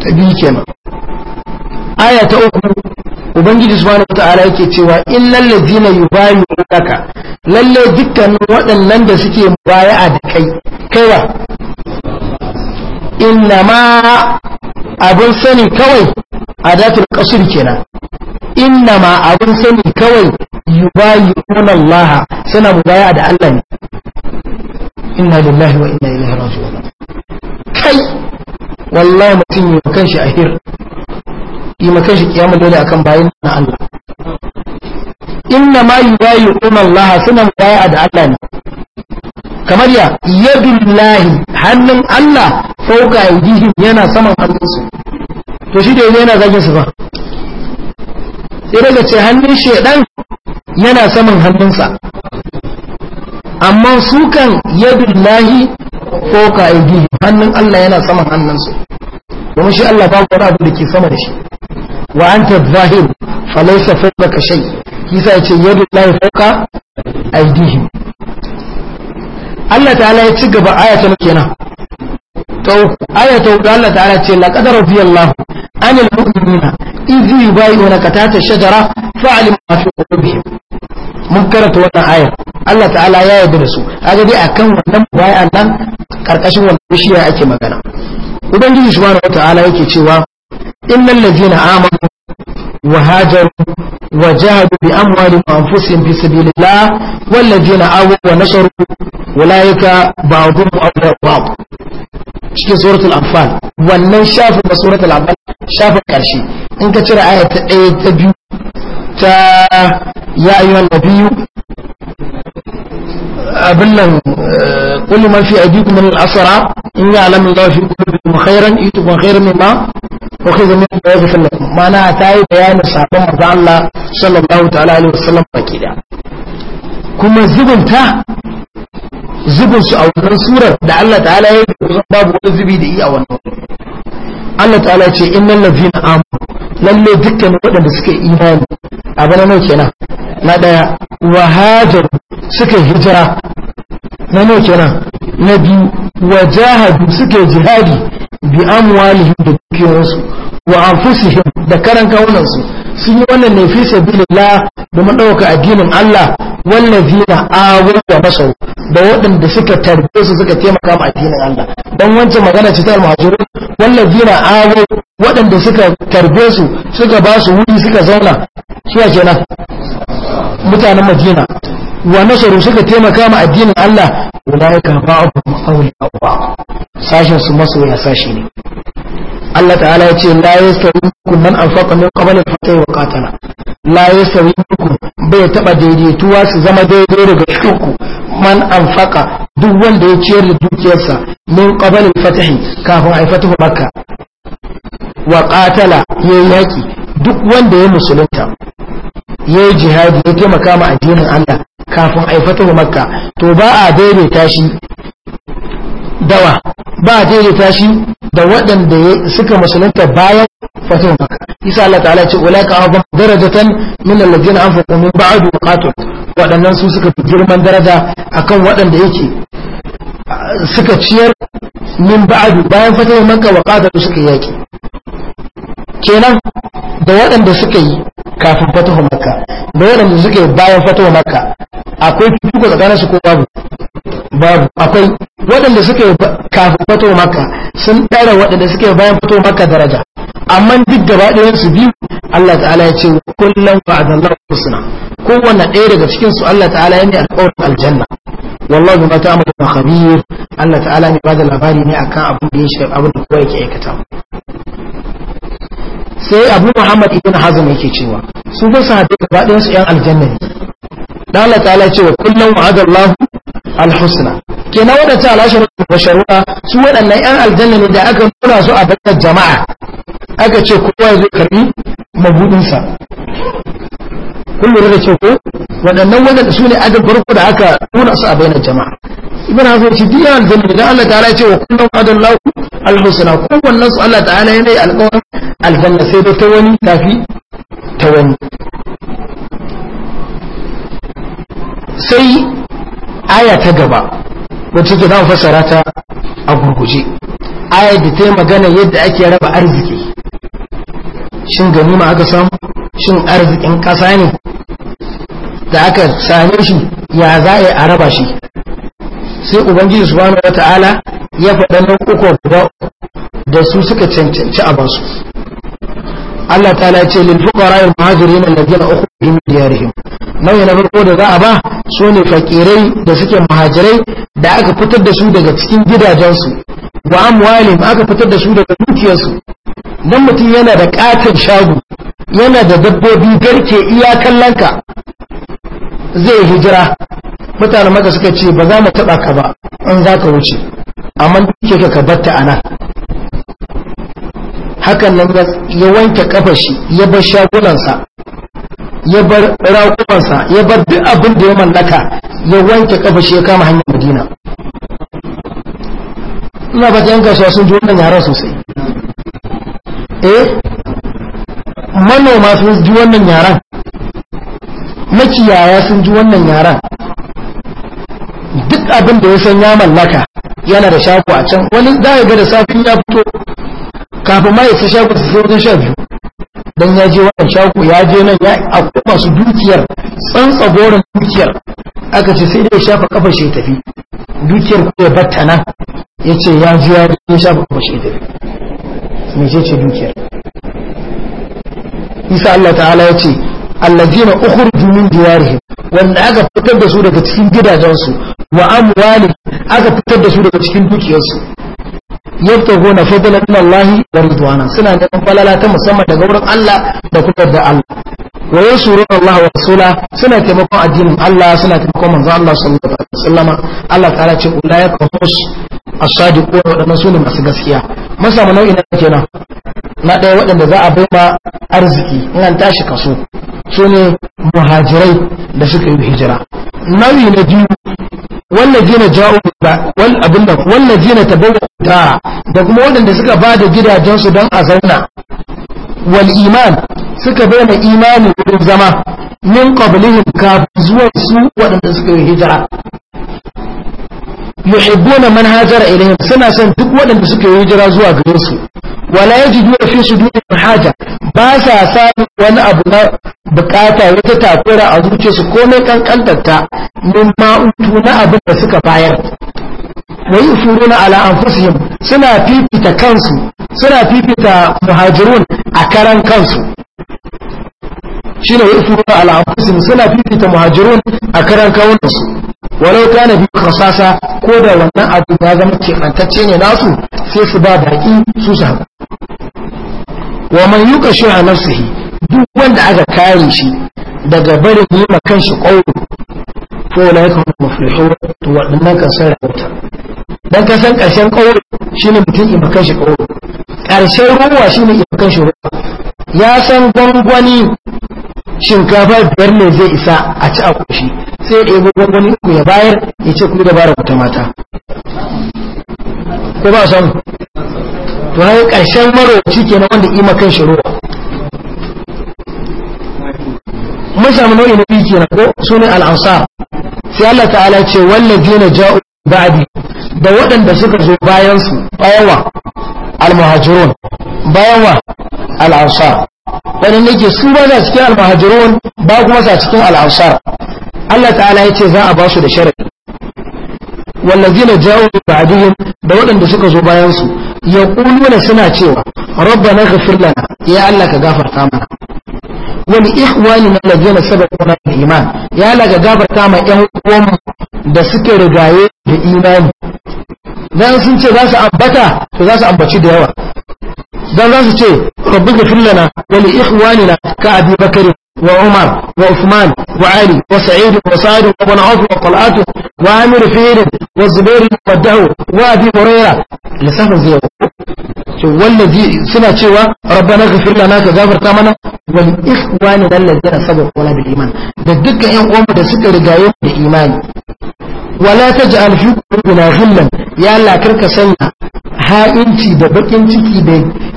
ta biyu kenan aya ta uku ubangiji subhanahu wataala yake cewa illal ladina yubayyi'unaka lalle dukkanin waɗannan da suke baya a da kai kaiwa innama abin sani kawai a adatul qasr kenan innama abin sani kawai yubayyi'una Allah suna mubaya'a da Allah ne inna lillahi wa inna ilaihi raji'un kai wallahi mutum yi kan kanshi ahir yi makan shi kiyama dole akan bayan na Allah inna ma umar Laha suna mubaya da Allah ne kamar ya yadullahi hannun Allah fauka aidihim yana saman hannunsu to shi da yana zagin su ba sai daga ce hannun shedan yana saman hannunsa amma sukan kan yadullahi ka aydihim hannun Allah yana saman hannunsu kuma shi Allah ba wani abu da ke sama da shi wa anta zahir fa laysa fawqaka shay kisa yace yadu lahi fawqa aydihim Allah ta'ala ya ci gaba ayatan kenan to ayata da Allah ta'ala ce laqad radiyallahu anil mu'minina idhi yubayyi'unaka katata shajara fa'alim ma fi qulubihim mun karanta wannan ayar Allah ta'ala ya yarda da su kaga dai akan wannan bayan nan karkashin wannan bishiya ake magana ubangiji subhanahu wata'ala yake cewa innal ladina amanu wa hajaru wa jahadu bi amwalihim wa anfusihim fi sabilillah wal ladina awaw wa nasaru ulaika ba'dhum awliya ba'd cikin suratul anfal wannan shafin da suratul anfal shafin karshe in ka cire aya ta 1 ta biyu ta ya ayyuhan biyu abin nan kullum kullu man fi aydikum min al-asra in ya'lamu Allahu fi qulubikum khairan yutubu khairan mimma ukhidha minkum wa yaghfir lakum mana tayi bayanin sabon maza Allah sallallahu ta'ala alaihi wasallam ke da kuma zubunta zubin su a wannan surar da Allah ta'ala ya yi da babu wani zubi da iya wannan Allah ta'ala ce innal ladina amanu lalle dukkan waɗanda suka imani abana nau kenan na ɗaya wa hajar suka hijira na ne kenan na biyu wa jahadu suka jihadi bi amwalihim da dukiyoyinsu wa anfusihim da karan kawunansu sun yi wannan ne fi sabilillah da madauka addinin Allah Wannan zina awu da masau da waɗanda suka tarbe su suka taimaka ma addinin Allah dan wancan magana ce ta al-muhajirin wallazina waɗanda suka tarbe su suka ba wuri suka zauna shi kenan mutanen madina wa nasaru suka taimaka ma addinin Allah ulaika ku awliya Allah sashin su masoya sashi ne Allah ta'ala ya ce la yasawi minkum man anfaqa min qabla fatay wa qatala la yasawi minkum bai taba daidaituwa su zama daidai daga cikin ku man anfaqa duk wanda ya ciyar da dukiyarsa min qabla fatahi kafin ai fatahu makka wa qatala yayi yaki duk wanda ya musulunta ya yi jihadi ya taimaka ma addinin Allah kafin aifata makka to ba a daidaita shi dawa ba a daidaita shi da waɗanda suka musulunta bayan fatuwa makka isa Allah ta'ala ce wala ka abin darajatan min alladhina anfaqu min ba'd wa qatul waɗannan su suka fi girman daraja akan waɗanda yake suka ciyar min ba'd bayan fatuwa makka wa qatul suka yaki kenan da waɗanda suka yi kafin fatahu makka da waɗanda suke bayan fatahu makka akwai fifiko tsakanin su ko babu babu akwai waɗanda suke kafin fatahu makka sun ɗara waɗanda suke bayan fatahu makka daraja amma duk gaba ɗayan su biyu Allah ta'ala ya ce kullum wa'adallahu husna kowanne ɗaya daga cikin su Allah ta'ala ya ne alƙawarin aljanna wallahi ma ta'amalu khabir Allah ta'ala ne ba da labari ne akan abin da ya shafi abin da kowa yake aikata sai abu muhammad ibn hazm yake cewa su ba su gaba su yan aljanna ne da Allah ta'ala cewa kullum wa'ada Allah al-husna kenan wadannan alashar basharuna su waɗannan yan aljanna ne da aka nuna su a bakkar jama'a aka ce kowa zai karbi mabudin sa Kullum da ce ko waɗannan waɗanda su ne aka farko da aka nuna su a bainar jama'a ibn hazm shi duk yana aljanna da Allah ta'ala ce wa kullum adallahu alhusna kowannen su Allah ta'ala ya mai alƙawarin aljanna sai dai ta wani tafi ta wani sai aya ta gaba wacce ke zama fassara ta a gurguje aya da ta yi magana yadda ake raba arziki shin ganima aka samu shin arzikin ƙasa ne da aka same shi ya za a raba shi sai ubangiji subhanahu wataala ya faɗa uku guda da su suka cancanci a basu Allah ta'ala ce lil fuqara al muhajirin alladhina ukhriju min diyarihim nauyi na farko da za a ba su ne fakirai da suke muhajirai da aka fitar da su daga cikin gidajensu wa amwalim aka fitar da su daga dukiyarsu dan mutum yana da katin shago yana da dabbobi garke iya kallanka zai hijira Mutane maka suka ce ba za mu taba ka ba in za ka wuce amma duke ka ka batta a nan hakan nan ya wanke kafa shi ya bar shagunansa ya bar raƙumansa ya bar duk abin da ya mallaka ya wanke kafa shi ya kama hanyar madina ina ba ta yanka shi sun ji wannan yaran sosai eh manoma sun ji wannan yaran makiyaya sun ji wannan yaran duk abin da ya san ya mallaka yana da shago a can wani za ya ga da safin ya fito kafin ma ya ci shago su sai wajen sha biyu don ya je wannan shago ya je nan ya akwai masu dukiyar tsantsa goron dukiyar aka ce sai dai ya shafa kafa shi tafi dukiyar ko ya batta nan ya ce ya je ya je shafa kafa shi tafi me ce ce dukiyar isa Allah ta'ala ya ce allazina ukhruju min diyarihim wanda aka fitar da su daga cikin gidajensu wa amwali aka fitar da su daga cikin dukiyarsu yabtaghuna fadlan min Allah wa ridwana suna neman falala ta musamman daga wurin Allah da kuma da Allah wa yansuruna Allah wa rasula suna taimakon addinin Allah suna taimakon manzo Allah sallallahu alaihi wasallama Allah ta'ala ce ulaika hus as-sadiqun wadannan sune masu gaskiya masa mu ake kenan na ɗaya waɗanda za a baiwa arziki in an tashi kaso su ne muhajirai da suka yi hijira nau'i na biyu wallazina ja'u wal abinda wallazina tabawwa da kuma waɗanda suka bada gidajensu don a zauna wal iman suka bayyana imani wurin zama min qablihim kafin zuwan su waɗanda suka yi hijira yuhibbuna man hajara ilayhim suna son duk waɗanda suka yi hijira zuwa gare su wala yajiduna fi sudurihim haja ba sa samun wani abu na bukata wata takura a zuciyarsu komai kankantarta min ma'utu na abin da suka bayar Wai yi furu na suna fifita kansu suna fifita muhajirun a karan kansu shi ne na suna fifita muhajirun a karan kawunansu walau kana bi biyu kasasa ko da wannan abu ya zama keɓantacce ne nasu sai su ba baki su samu wa man yuka shi a nafsihi duk wanda aka kare shi daga barin yi ma kanshi ƙauro ko wani haka mafulhu to waɗannan kan san rahota dan ka san ƙarshen ƙauro shine mutum ima kanshi ƙauro ƙarshen ruwa shine ima kanshi ruwa ya san gwangwani shinkafa biyar ne zai isa a ci a ƙoshi sai da yabo gwangwani uku ya bayar ya ce kuɗi dabara ku ta mata ko ba san to karshen ƙarshen maroci kenan wanda ima kanshi ruwa mun samu nau'i na biyu kenan ko su ne ansar sai Allah ta'ala ce wallazina ja'u ba'di da waɗanda suka zo bayan su bayan al-muhajirun bayan wa al-ansar wannan nake su ba za cikin al-muhajirun ba kuma sa cikin al-ansar Allah ta'ala ya ce za a ba su da sharadi wallazina ja'u ba'dihim da waɗanda suka zo bayan su yaquluna suna cewa rabbana ghfir lana ya Allah ka gafarta mana wani ikhwani na lajiyar sabon da iman ya laga gafarta ma yan uwanmu da suka rigaye da imani dan sun ce za su ambata to za su ambaci da yawa dan za su ce rabbi gafir fillana wani li ikhwanina ka abi bakr wa umar wa Usman wa ali wa sa'id wa sa'id wa ibn auf wa talhat wa amir fihr wa zubair wa dahu wa abi hurayra lissafin zai ce wallazi suna cewa rabbana ghafir lana ka gafarta mana wal ikhwani allazina sabaqu wala bil iman da dukkan yan uwanmu da suka rigaye da imani wala taj'al fi qulubina ghillan ya Allah karka sanya ha'inci da bakin ciki da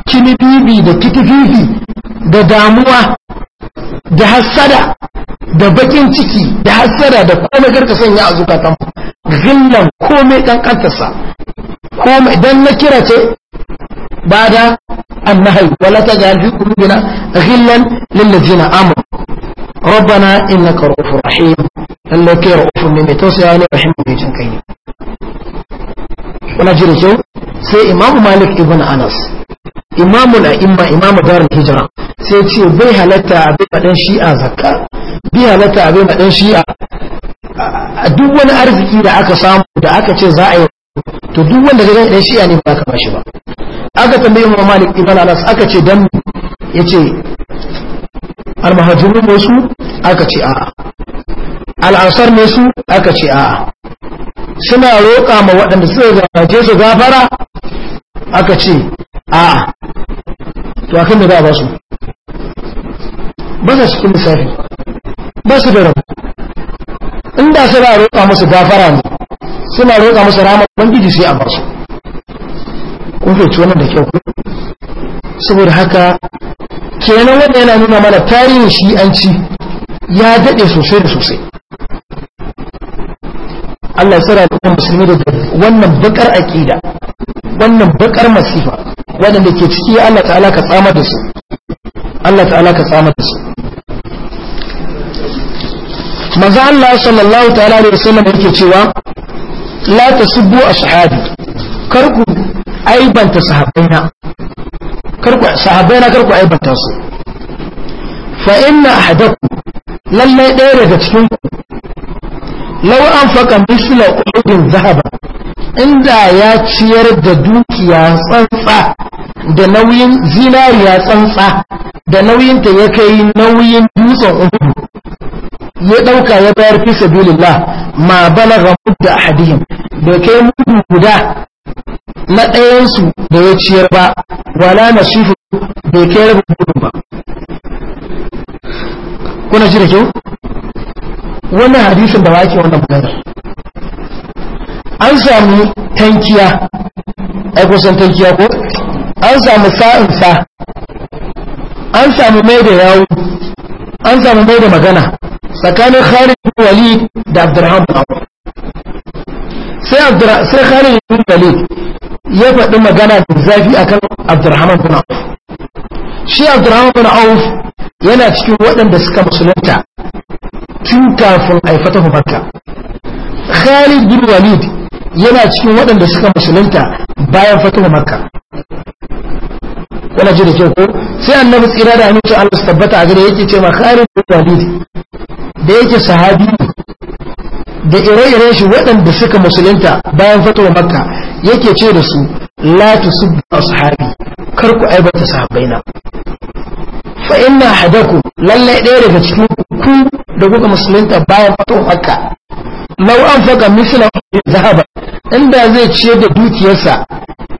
kinibibi da kitififi da damuwa da hasada da bakin ciki da hasada da komai karka sanya a zukatan ghillan komai kankantarsa komai dan na kira ce بعد النهي ولا تجعل في قلوبنا غلا للذين امنوا ربنا انك رؤوف رحيم الله كي رؤوف من يتوسع عليه رحمه بيجن كي ولا جرجو سي امام مالك ابن انس امام الائمه امام دار الهجره sai ce bai halatta abin maɗan shi'a zakka bai halatta abin maɗan shi'a a duk wani arziki da aka samu da aka ce za a yi to duk wanda ga ɗan shi'a ne ba ka bashi ba aka tambaye mu malik ibn anas aka ce dan yace almahajirun ne su aka ce a'a Al ansar ne su aka ce a'a suna roƙa ma waɗanda suka gaje su gafara aka ce a'a to akan da ba su ba su cikin misali ba su da rabu inda suna roƙa musu gafara ne suna roƙa musu rahama bangiji sai a ba su kun fahimci wannan da kyau saboda haka kenan wanda yana nuna mana tarihin shi'anci ya daɗe sosai da sosai Allah ya tsara da musulmi da wannan bakar aƙida wannan bakar masifa waɗanda ke ciki Allah ta'ala ka tsama da su Allah ta'ala ka tsama da su manzo Allah sallallahu ta'ala alaihi wasallam yake cewa la tasubbu ashabi kar ku aibanta sahabbaina karku sahabbaina karku aibanta su fa inna ahadakum lalle ɗaya daga cikin ku law anfaqa misla uhudin zahaba inda ya ciyar da dukiya tsantsa da nauyin zinariya tsantsa da nauyin ta ya kai nauyin dutsen uhudu ya dauka ya bayar fi sabilillah ma balagha mudda ahadihim da kai mudu guda na ɗayansu da ya ciyar ba wala na shifu bai kai rabin gudun ba kuna ji da kyau wannan hadisin da wake wannan magana an samu tankiya ai kusan tankiya ko an samu sa. an samu mai da yawo an samu mai da magana tsakanin khalid bin walid da abdurrahman bin sai khalid bin walid ya faɗi magana da zafi akan abdurrahman bin auf shi abdurrahman bin auf yana cikin waɗanda suka musulunta tun kafin aifata makka khalid bin walid yana cikin waɗanda suka musulunta bayan fatuwa makka wani ji da ke ko sai annabi tsira da hannun Allah su tabbata a gare yake ce ma khalid bin walid da yake sahabi ne da ire-iren shi waɗanda suka musulunta bayan fatawa makka yake ce da su latu tusubbu ashabi kar ku aibata na fa inna hadaku lallai ɗaya daga cikin ku da kuka musulunta bayan fatawa makka law an faka misla zahaba inda zai ciyar da dukiyarsa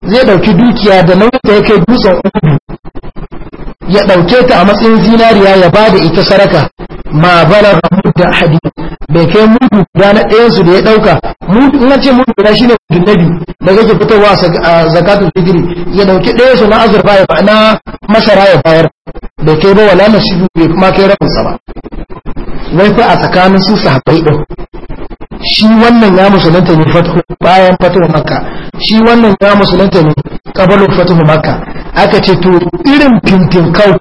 zai ɗauki dukiya da nauyin ya kai dutsen Udu. ya ɗauke ta a matsayin zinariya ya ba da ita saraka ma ga mutu ahadi bai kai mudu guda na ɗayan su da ya ɗauka mutu ina ce mutu guda shine mudu nabi da zai fitowa a zakatun fitiri ya ɗauki ɗaya su na azurfa ya na masara ya bayar bai kai ba wala shi bai kuma kai rabin sa ba wai fa a tsakanin su sahabbai din shi wannan ya musulunta ne fatuhu bayan fatuhu makka shi wannan ya musulunta ne kabalu fatuhu makka aka ce to irin fintin kau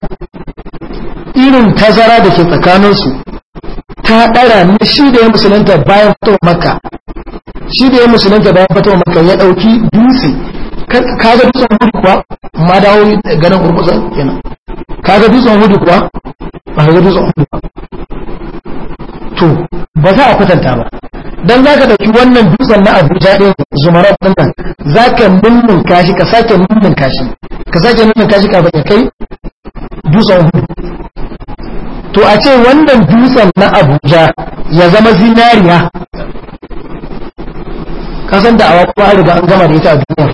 irin tazara da ke tsakaninsu ta dara ne shi da ya musulunta bayan fatuhu makka shi da ya musulunta bayan fatuhu makka ya ɗauki dutse kaga dutsen hudu kuwa ma dawo ganin kurkusa kenan kaga dutsen hudu kuwa ba ga dutsen hudu ba to ba za a kwatanta ba dan zaka dauki wannan dutsen na Abuja din zumarar dinnan zaka mummun kashi ka sake mummun kashi ka sake mummun kashi ka bada kai dutsen Uhud to a ce wannan dutsen na Abuja ya zama zinariya kasan da awa kuma da an gama da ita a duniya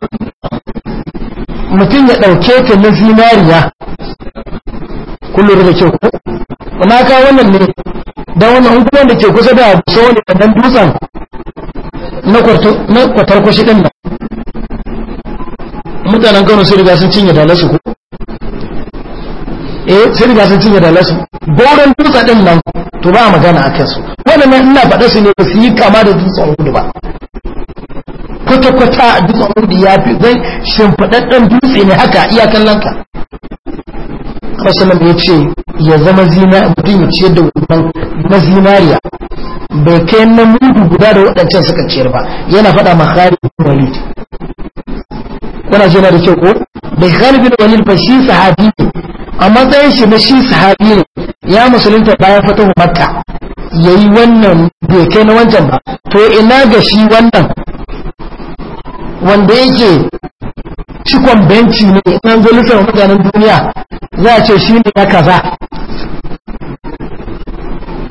mutum ya dauke ta na zinariya kullum da kyau ko amma ka wannan ne don wannan hukumar da ke kusa da abu sau ne wannan dutsen na kwatar kwashi ɗin nan mutanen kano sai riga sun cinye dalasu ko eh sai riga sun cinye dalasu goron dutsen ɗin nan to ba magana a kansu nan ina faɗa su ne ba su yi kama da dutsen hudu ba kwata-kwata dutsen hudu ya fi zai shimfiɗaɗɗen dutse ne haka iyakan lanka fasalin ya ce ya zama zina mutum ya ciyar da wannan na zinariya bai kai na mudu guda da waɗancan suka ciyar ba yana faɗa ma khalid bin walid kuna jina da kyau ko bai khalid bin walid ba shi sahabi ne a matsayin shi na shi sahabi ne ya musulunta bayan fatahu makka yayi wannan bai kai na wancan ba to ina ga shi wannan wanda yake cikon benci ne ina an zo mutanen duniya za a ce shi ne ya kaza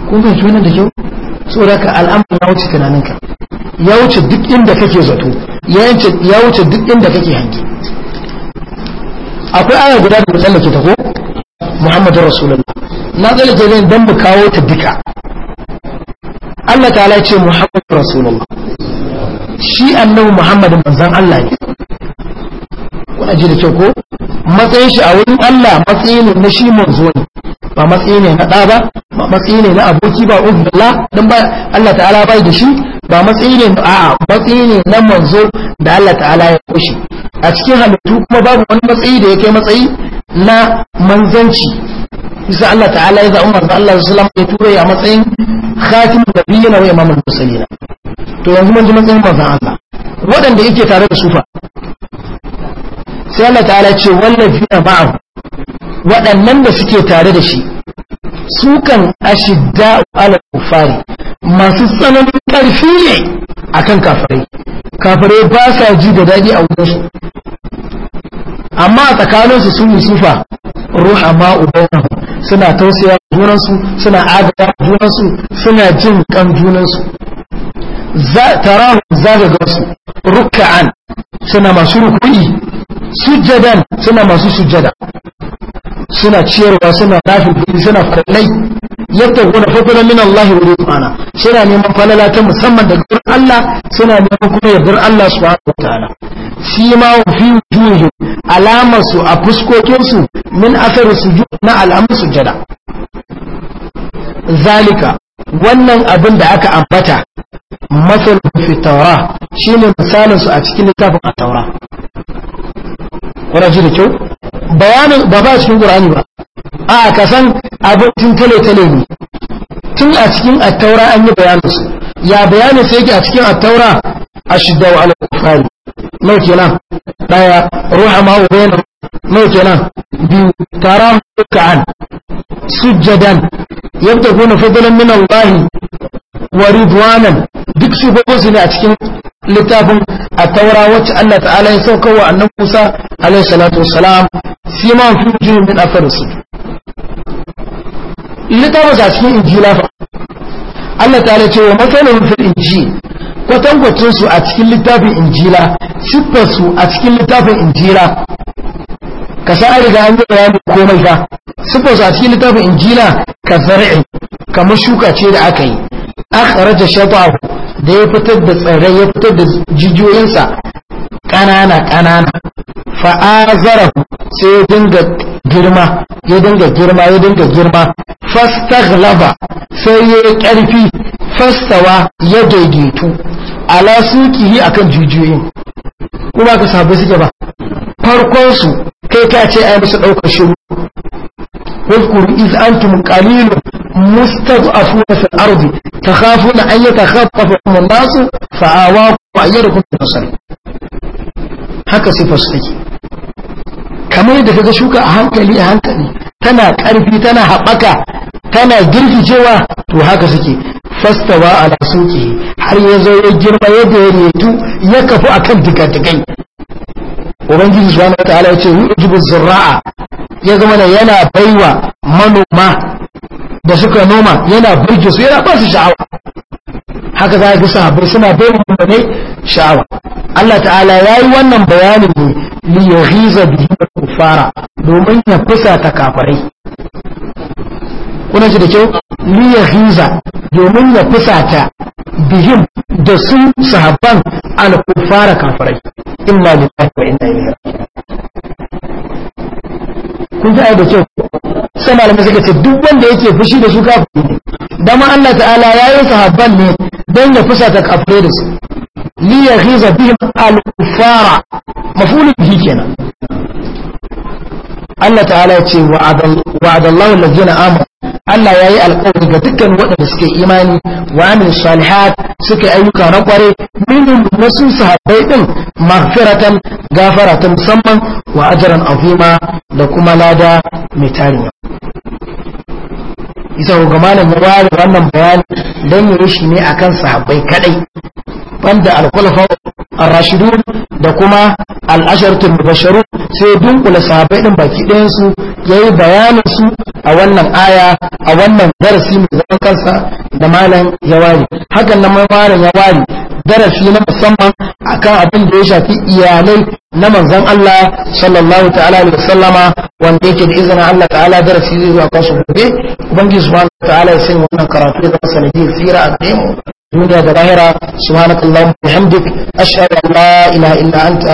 kun fahimci wannan da kyau saboda ka al'amari ya wuce tunaninka ya wuce duk inda kake zato ya wuce duk inda kake hangi akwai aya guda da tsallake ta ko muhammadu rasulullah na tsallake zai dan mu kawo ta duka Allah ta'ala ce muhammadu rasulullah shi annabi muhammadin manzon Allah ne kuna ji da kyau ko matsayin shi a wurin Allah matsayi ne na shi manzo ne ba matsayi ne na ɗa ba ba matsayi ne na aboki ba ubillah dan ba Allah ta'ala bai da shi ba matsayi ne a matsayi ne na manzo da Allah ta'ala ya kushi a cikin halittu kuma babu wani matsayi da ya kai matsayi na manzanci bisa Allah ta'ala ya zaɓi manzo Allah sallallahu alaihi ya tura ya matsayin khatimun nabiyina wa imamul mursalin to yanzu mun ji matsayin manzo Allah waɗanda yake tare da sufa sai Allah ta'ala ce wallafina ma'ahu waɗannan da suke tare da shi sukan ashidda ala kufari masu tsananin ƙarfi ne akan kafirai kafirai ba sa ji da daɗi a wurinsu amma a tsakaninsu sun yusufa ruha ma'ubainahu suna tausaya junansu suna agaya junansu suna jin kan junansu tarahun ga gasu ruka'an suna masu rukuni sujjadan suna masu sujjada suna ciyarwa suna nafin suna farallai yadda gona fakula min Allah wa rufana suna neman falala ta musamman daga gurin Allah suna neman kuma yardar Allah subhanahu wataala shi ma fi wujuhi alamar su a fuskokin su min asar sujud na alamun sujjada zalika wannan abin da aka ambata masal fi taura shine misalin su a cikin littafin a taura kuna ji da kyau bayanin ba ba cikin qur'ani ba a ka san abin tale tale ne tun a cikin taura an yi bayanin su ya bayani sai yake a cikin a ashidda wa al mai kenan daya ruha ma wa bayan mai kenan biyu tara ruk'an sujjadan kuna fadalan min Allah wa ridwanan duk sifofinsu ne a cikin littafin a taura wacce Allah ta'ala ya sauka wa annan Musa alaihi salatu wassalam fi ma fi wujuhin min afarisu littafin a cikin injila fa Allah ta'ala ce wa matsalolin fil inji kwatankwacin su a cikin littafin injila siffar su a cikin littafin injila ka sa an riga an yi bayani komai fa siffar su a cikin littafin injila ka zar'i kamar shuka ce da aka yi akhraja shatahu da ya fitar da tsirrai ya fitar da jijiyoyinsa ƙanana ƙanana fa'azara sai ya dinga girma ya dinga girma ya dinga girma fastaghlaba sai ya yi ƙarfi fastawa ya daidaitu ala sukihi akan jijiyoyin kuma ka sabu suke ba farkon su kai ka ce ai musu ɗaukar shiru wadkuru iz antum qalilun مستضعفون في الأرض تخافون أن يتخطفكم الناس فآواكم وأيدكم بنصره haka sifarsu take kamar da kaga shuka a hankali a hankali tana ƙarfi tana haɓaka tana cewa, to haka suke fastawa ala suke har ya zo ya girma yadda ya retu ya kafu akan dikadikai ubangiji subhanahu wataala ya ce yujibu zurra'a ya zama da yana baiwa manoma da suka noma yana burge su yana ba su sha'awa haka za a ga sahabbai suna bai ne sha'awa Allah ta'ala ya yi wannan bayanin ne li yuhiza bihi kufara domin ya kusa ta kafirai kuna ji da kyau li yuhiza domin ya kusa ta bihim da su sahabban al-kufara kafirai illa lillahi wa inna ilaihi raji'un kun ji da kyau sai malamai suka ce duk wanda yake fushi da su ne dama Allah ta'ala ya yi sahabban ne don ya fusa ta kafirai da su li ya ghiza bihim al-kufara mafulu bihi kenan Allah ta'ala ya ce wa'adallahu allazina amanu Allah ya yi alƙawari ga dukkan waɗanda suka imani wa amin salihat suka ayyuka na ƙware minhum wasu sahabbai din maghfiratan ta musamman wa ajran azima da kuma lada mai tarewa isa ga malam ya ware wannan bayani don yi shi ne akan sahabbai kadai banda al-khulafa ar da kuma al-asharatul mubashshirun sai dunkula sahabbai din baki ɗayan su yi bayanin su a wannan aya a wannan darasi mai zaman kansa da malam ya ware hakan na malam ya ware darasi na musamman akan abin da ya shafi iyalai na manzon Allah sallallahu ta'ala alaihi wasallama wanda yake da izina Allah ta'ala darasi zai zuwa kansu gobe ubangiji subhanahu ta'ala ya sanya wannan karatu da zama sanadiyar tsira a gare mu duniya da lahira subhanak allahumma bihamdik ashhadu an la ilaha illa anta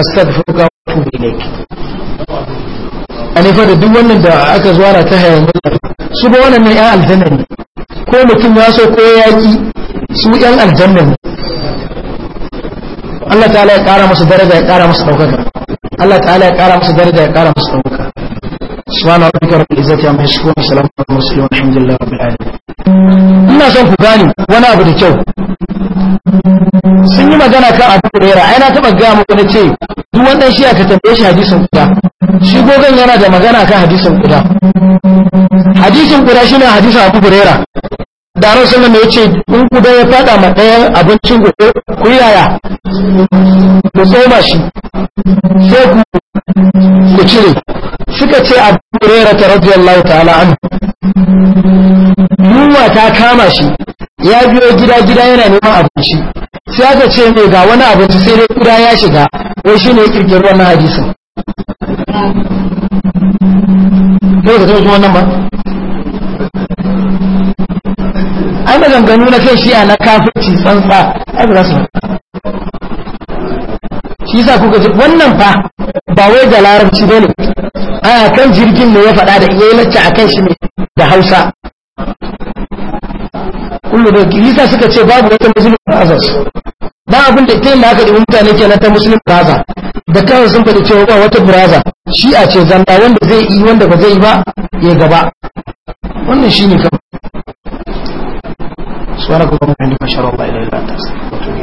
astaghfiruka wa atubu ilaik an fa da duk wannan da aka zuwa ta ta da su ba wannan ne ya aljanna ne ko mutum ya so ko yaki su yan aljanna ne Allah ta'ala ya kara musu daraja ya kara musu daukaka Allah ta'ala ya kara musu daraja ya kara musu daukaka subhana rabbika rabbil izzati amma yasifun wa salamun alal mursalin walhamdulillahi rabbil alamin ina son ku gani wani abu da kyau sun yi magana kan abu da yara ai na taba ga mu na ce duk wannan shi aka tambaye shi hadisin kuda shi gogon yana da magana kan hadisin kuda hadisin kuda shine hadisin Abu Hurairah da rasulun ya ce in kuda ya fada ma ɗaya abincin gobe ku yaya ku tsoma shi sai ku cire suka ce a burera ta radiyallahu ta'ala an yunwa ta kama shi ya biyo gida-gida yana neman abinci sai aka ce mai ga wani abinci sai dai kuda ya shiga wai shi ne kirkiri wannan hadisin yau da zai wannan ba ai maganganu na kai shi'a na kafin tsantsa ai ba za shi yasa kuka ji wannan fa ba wai da larabci bane a kan jirgin ne ya faɗa da iya lacca akan shi ne da Hausa kullu da kisa suka ce babu wata muslim kaza ba abin da kai haka da mutane kenan ta musulmi kaza da kawai sun faɗi cewa ba wata buraza shi a ce zanda wanda zai yi wanda ba zai yi ba ya gaba wannan shine kawai سبحانك اللهم وبحمدك اشهد ان لا اله الا انت استغفرك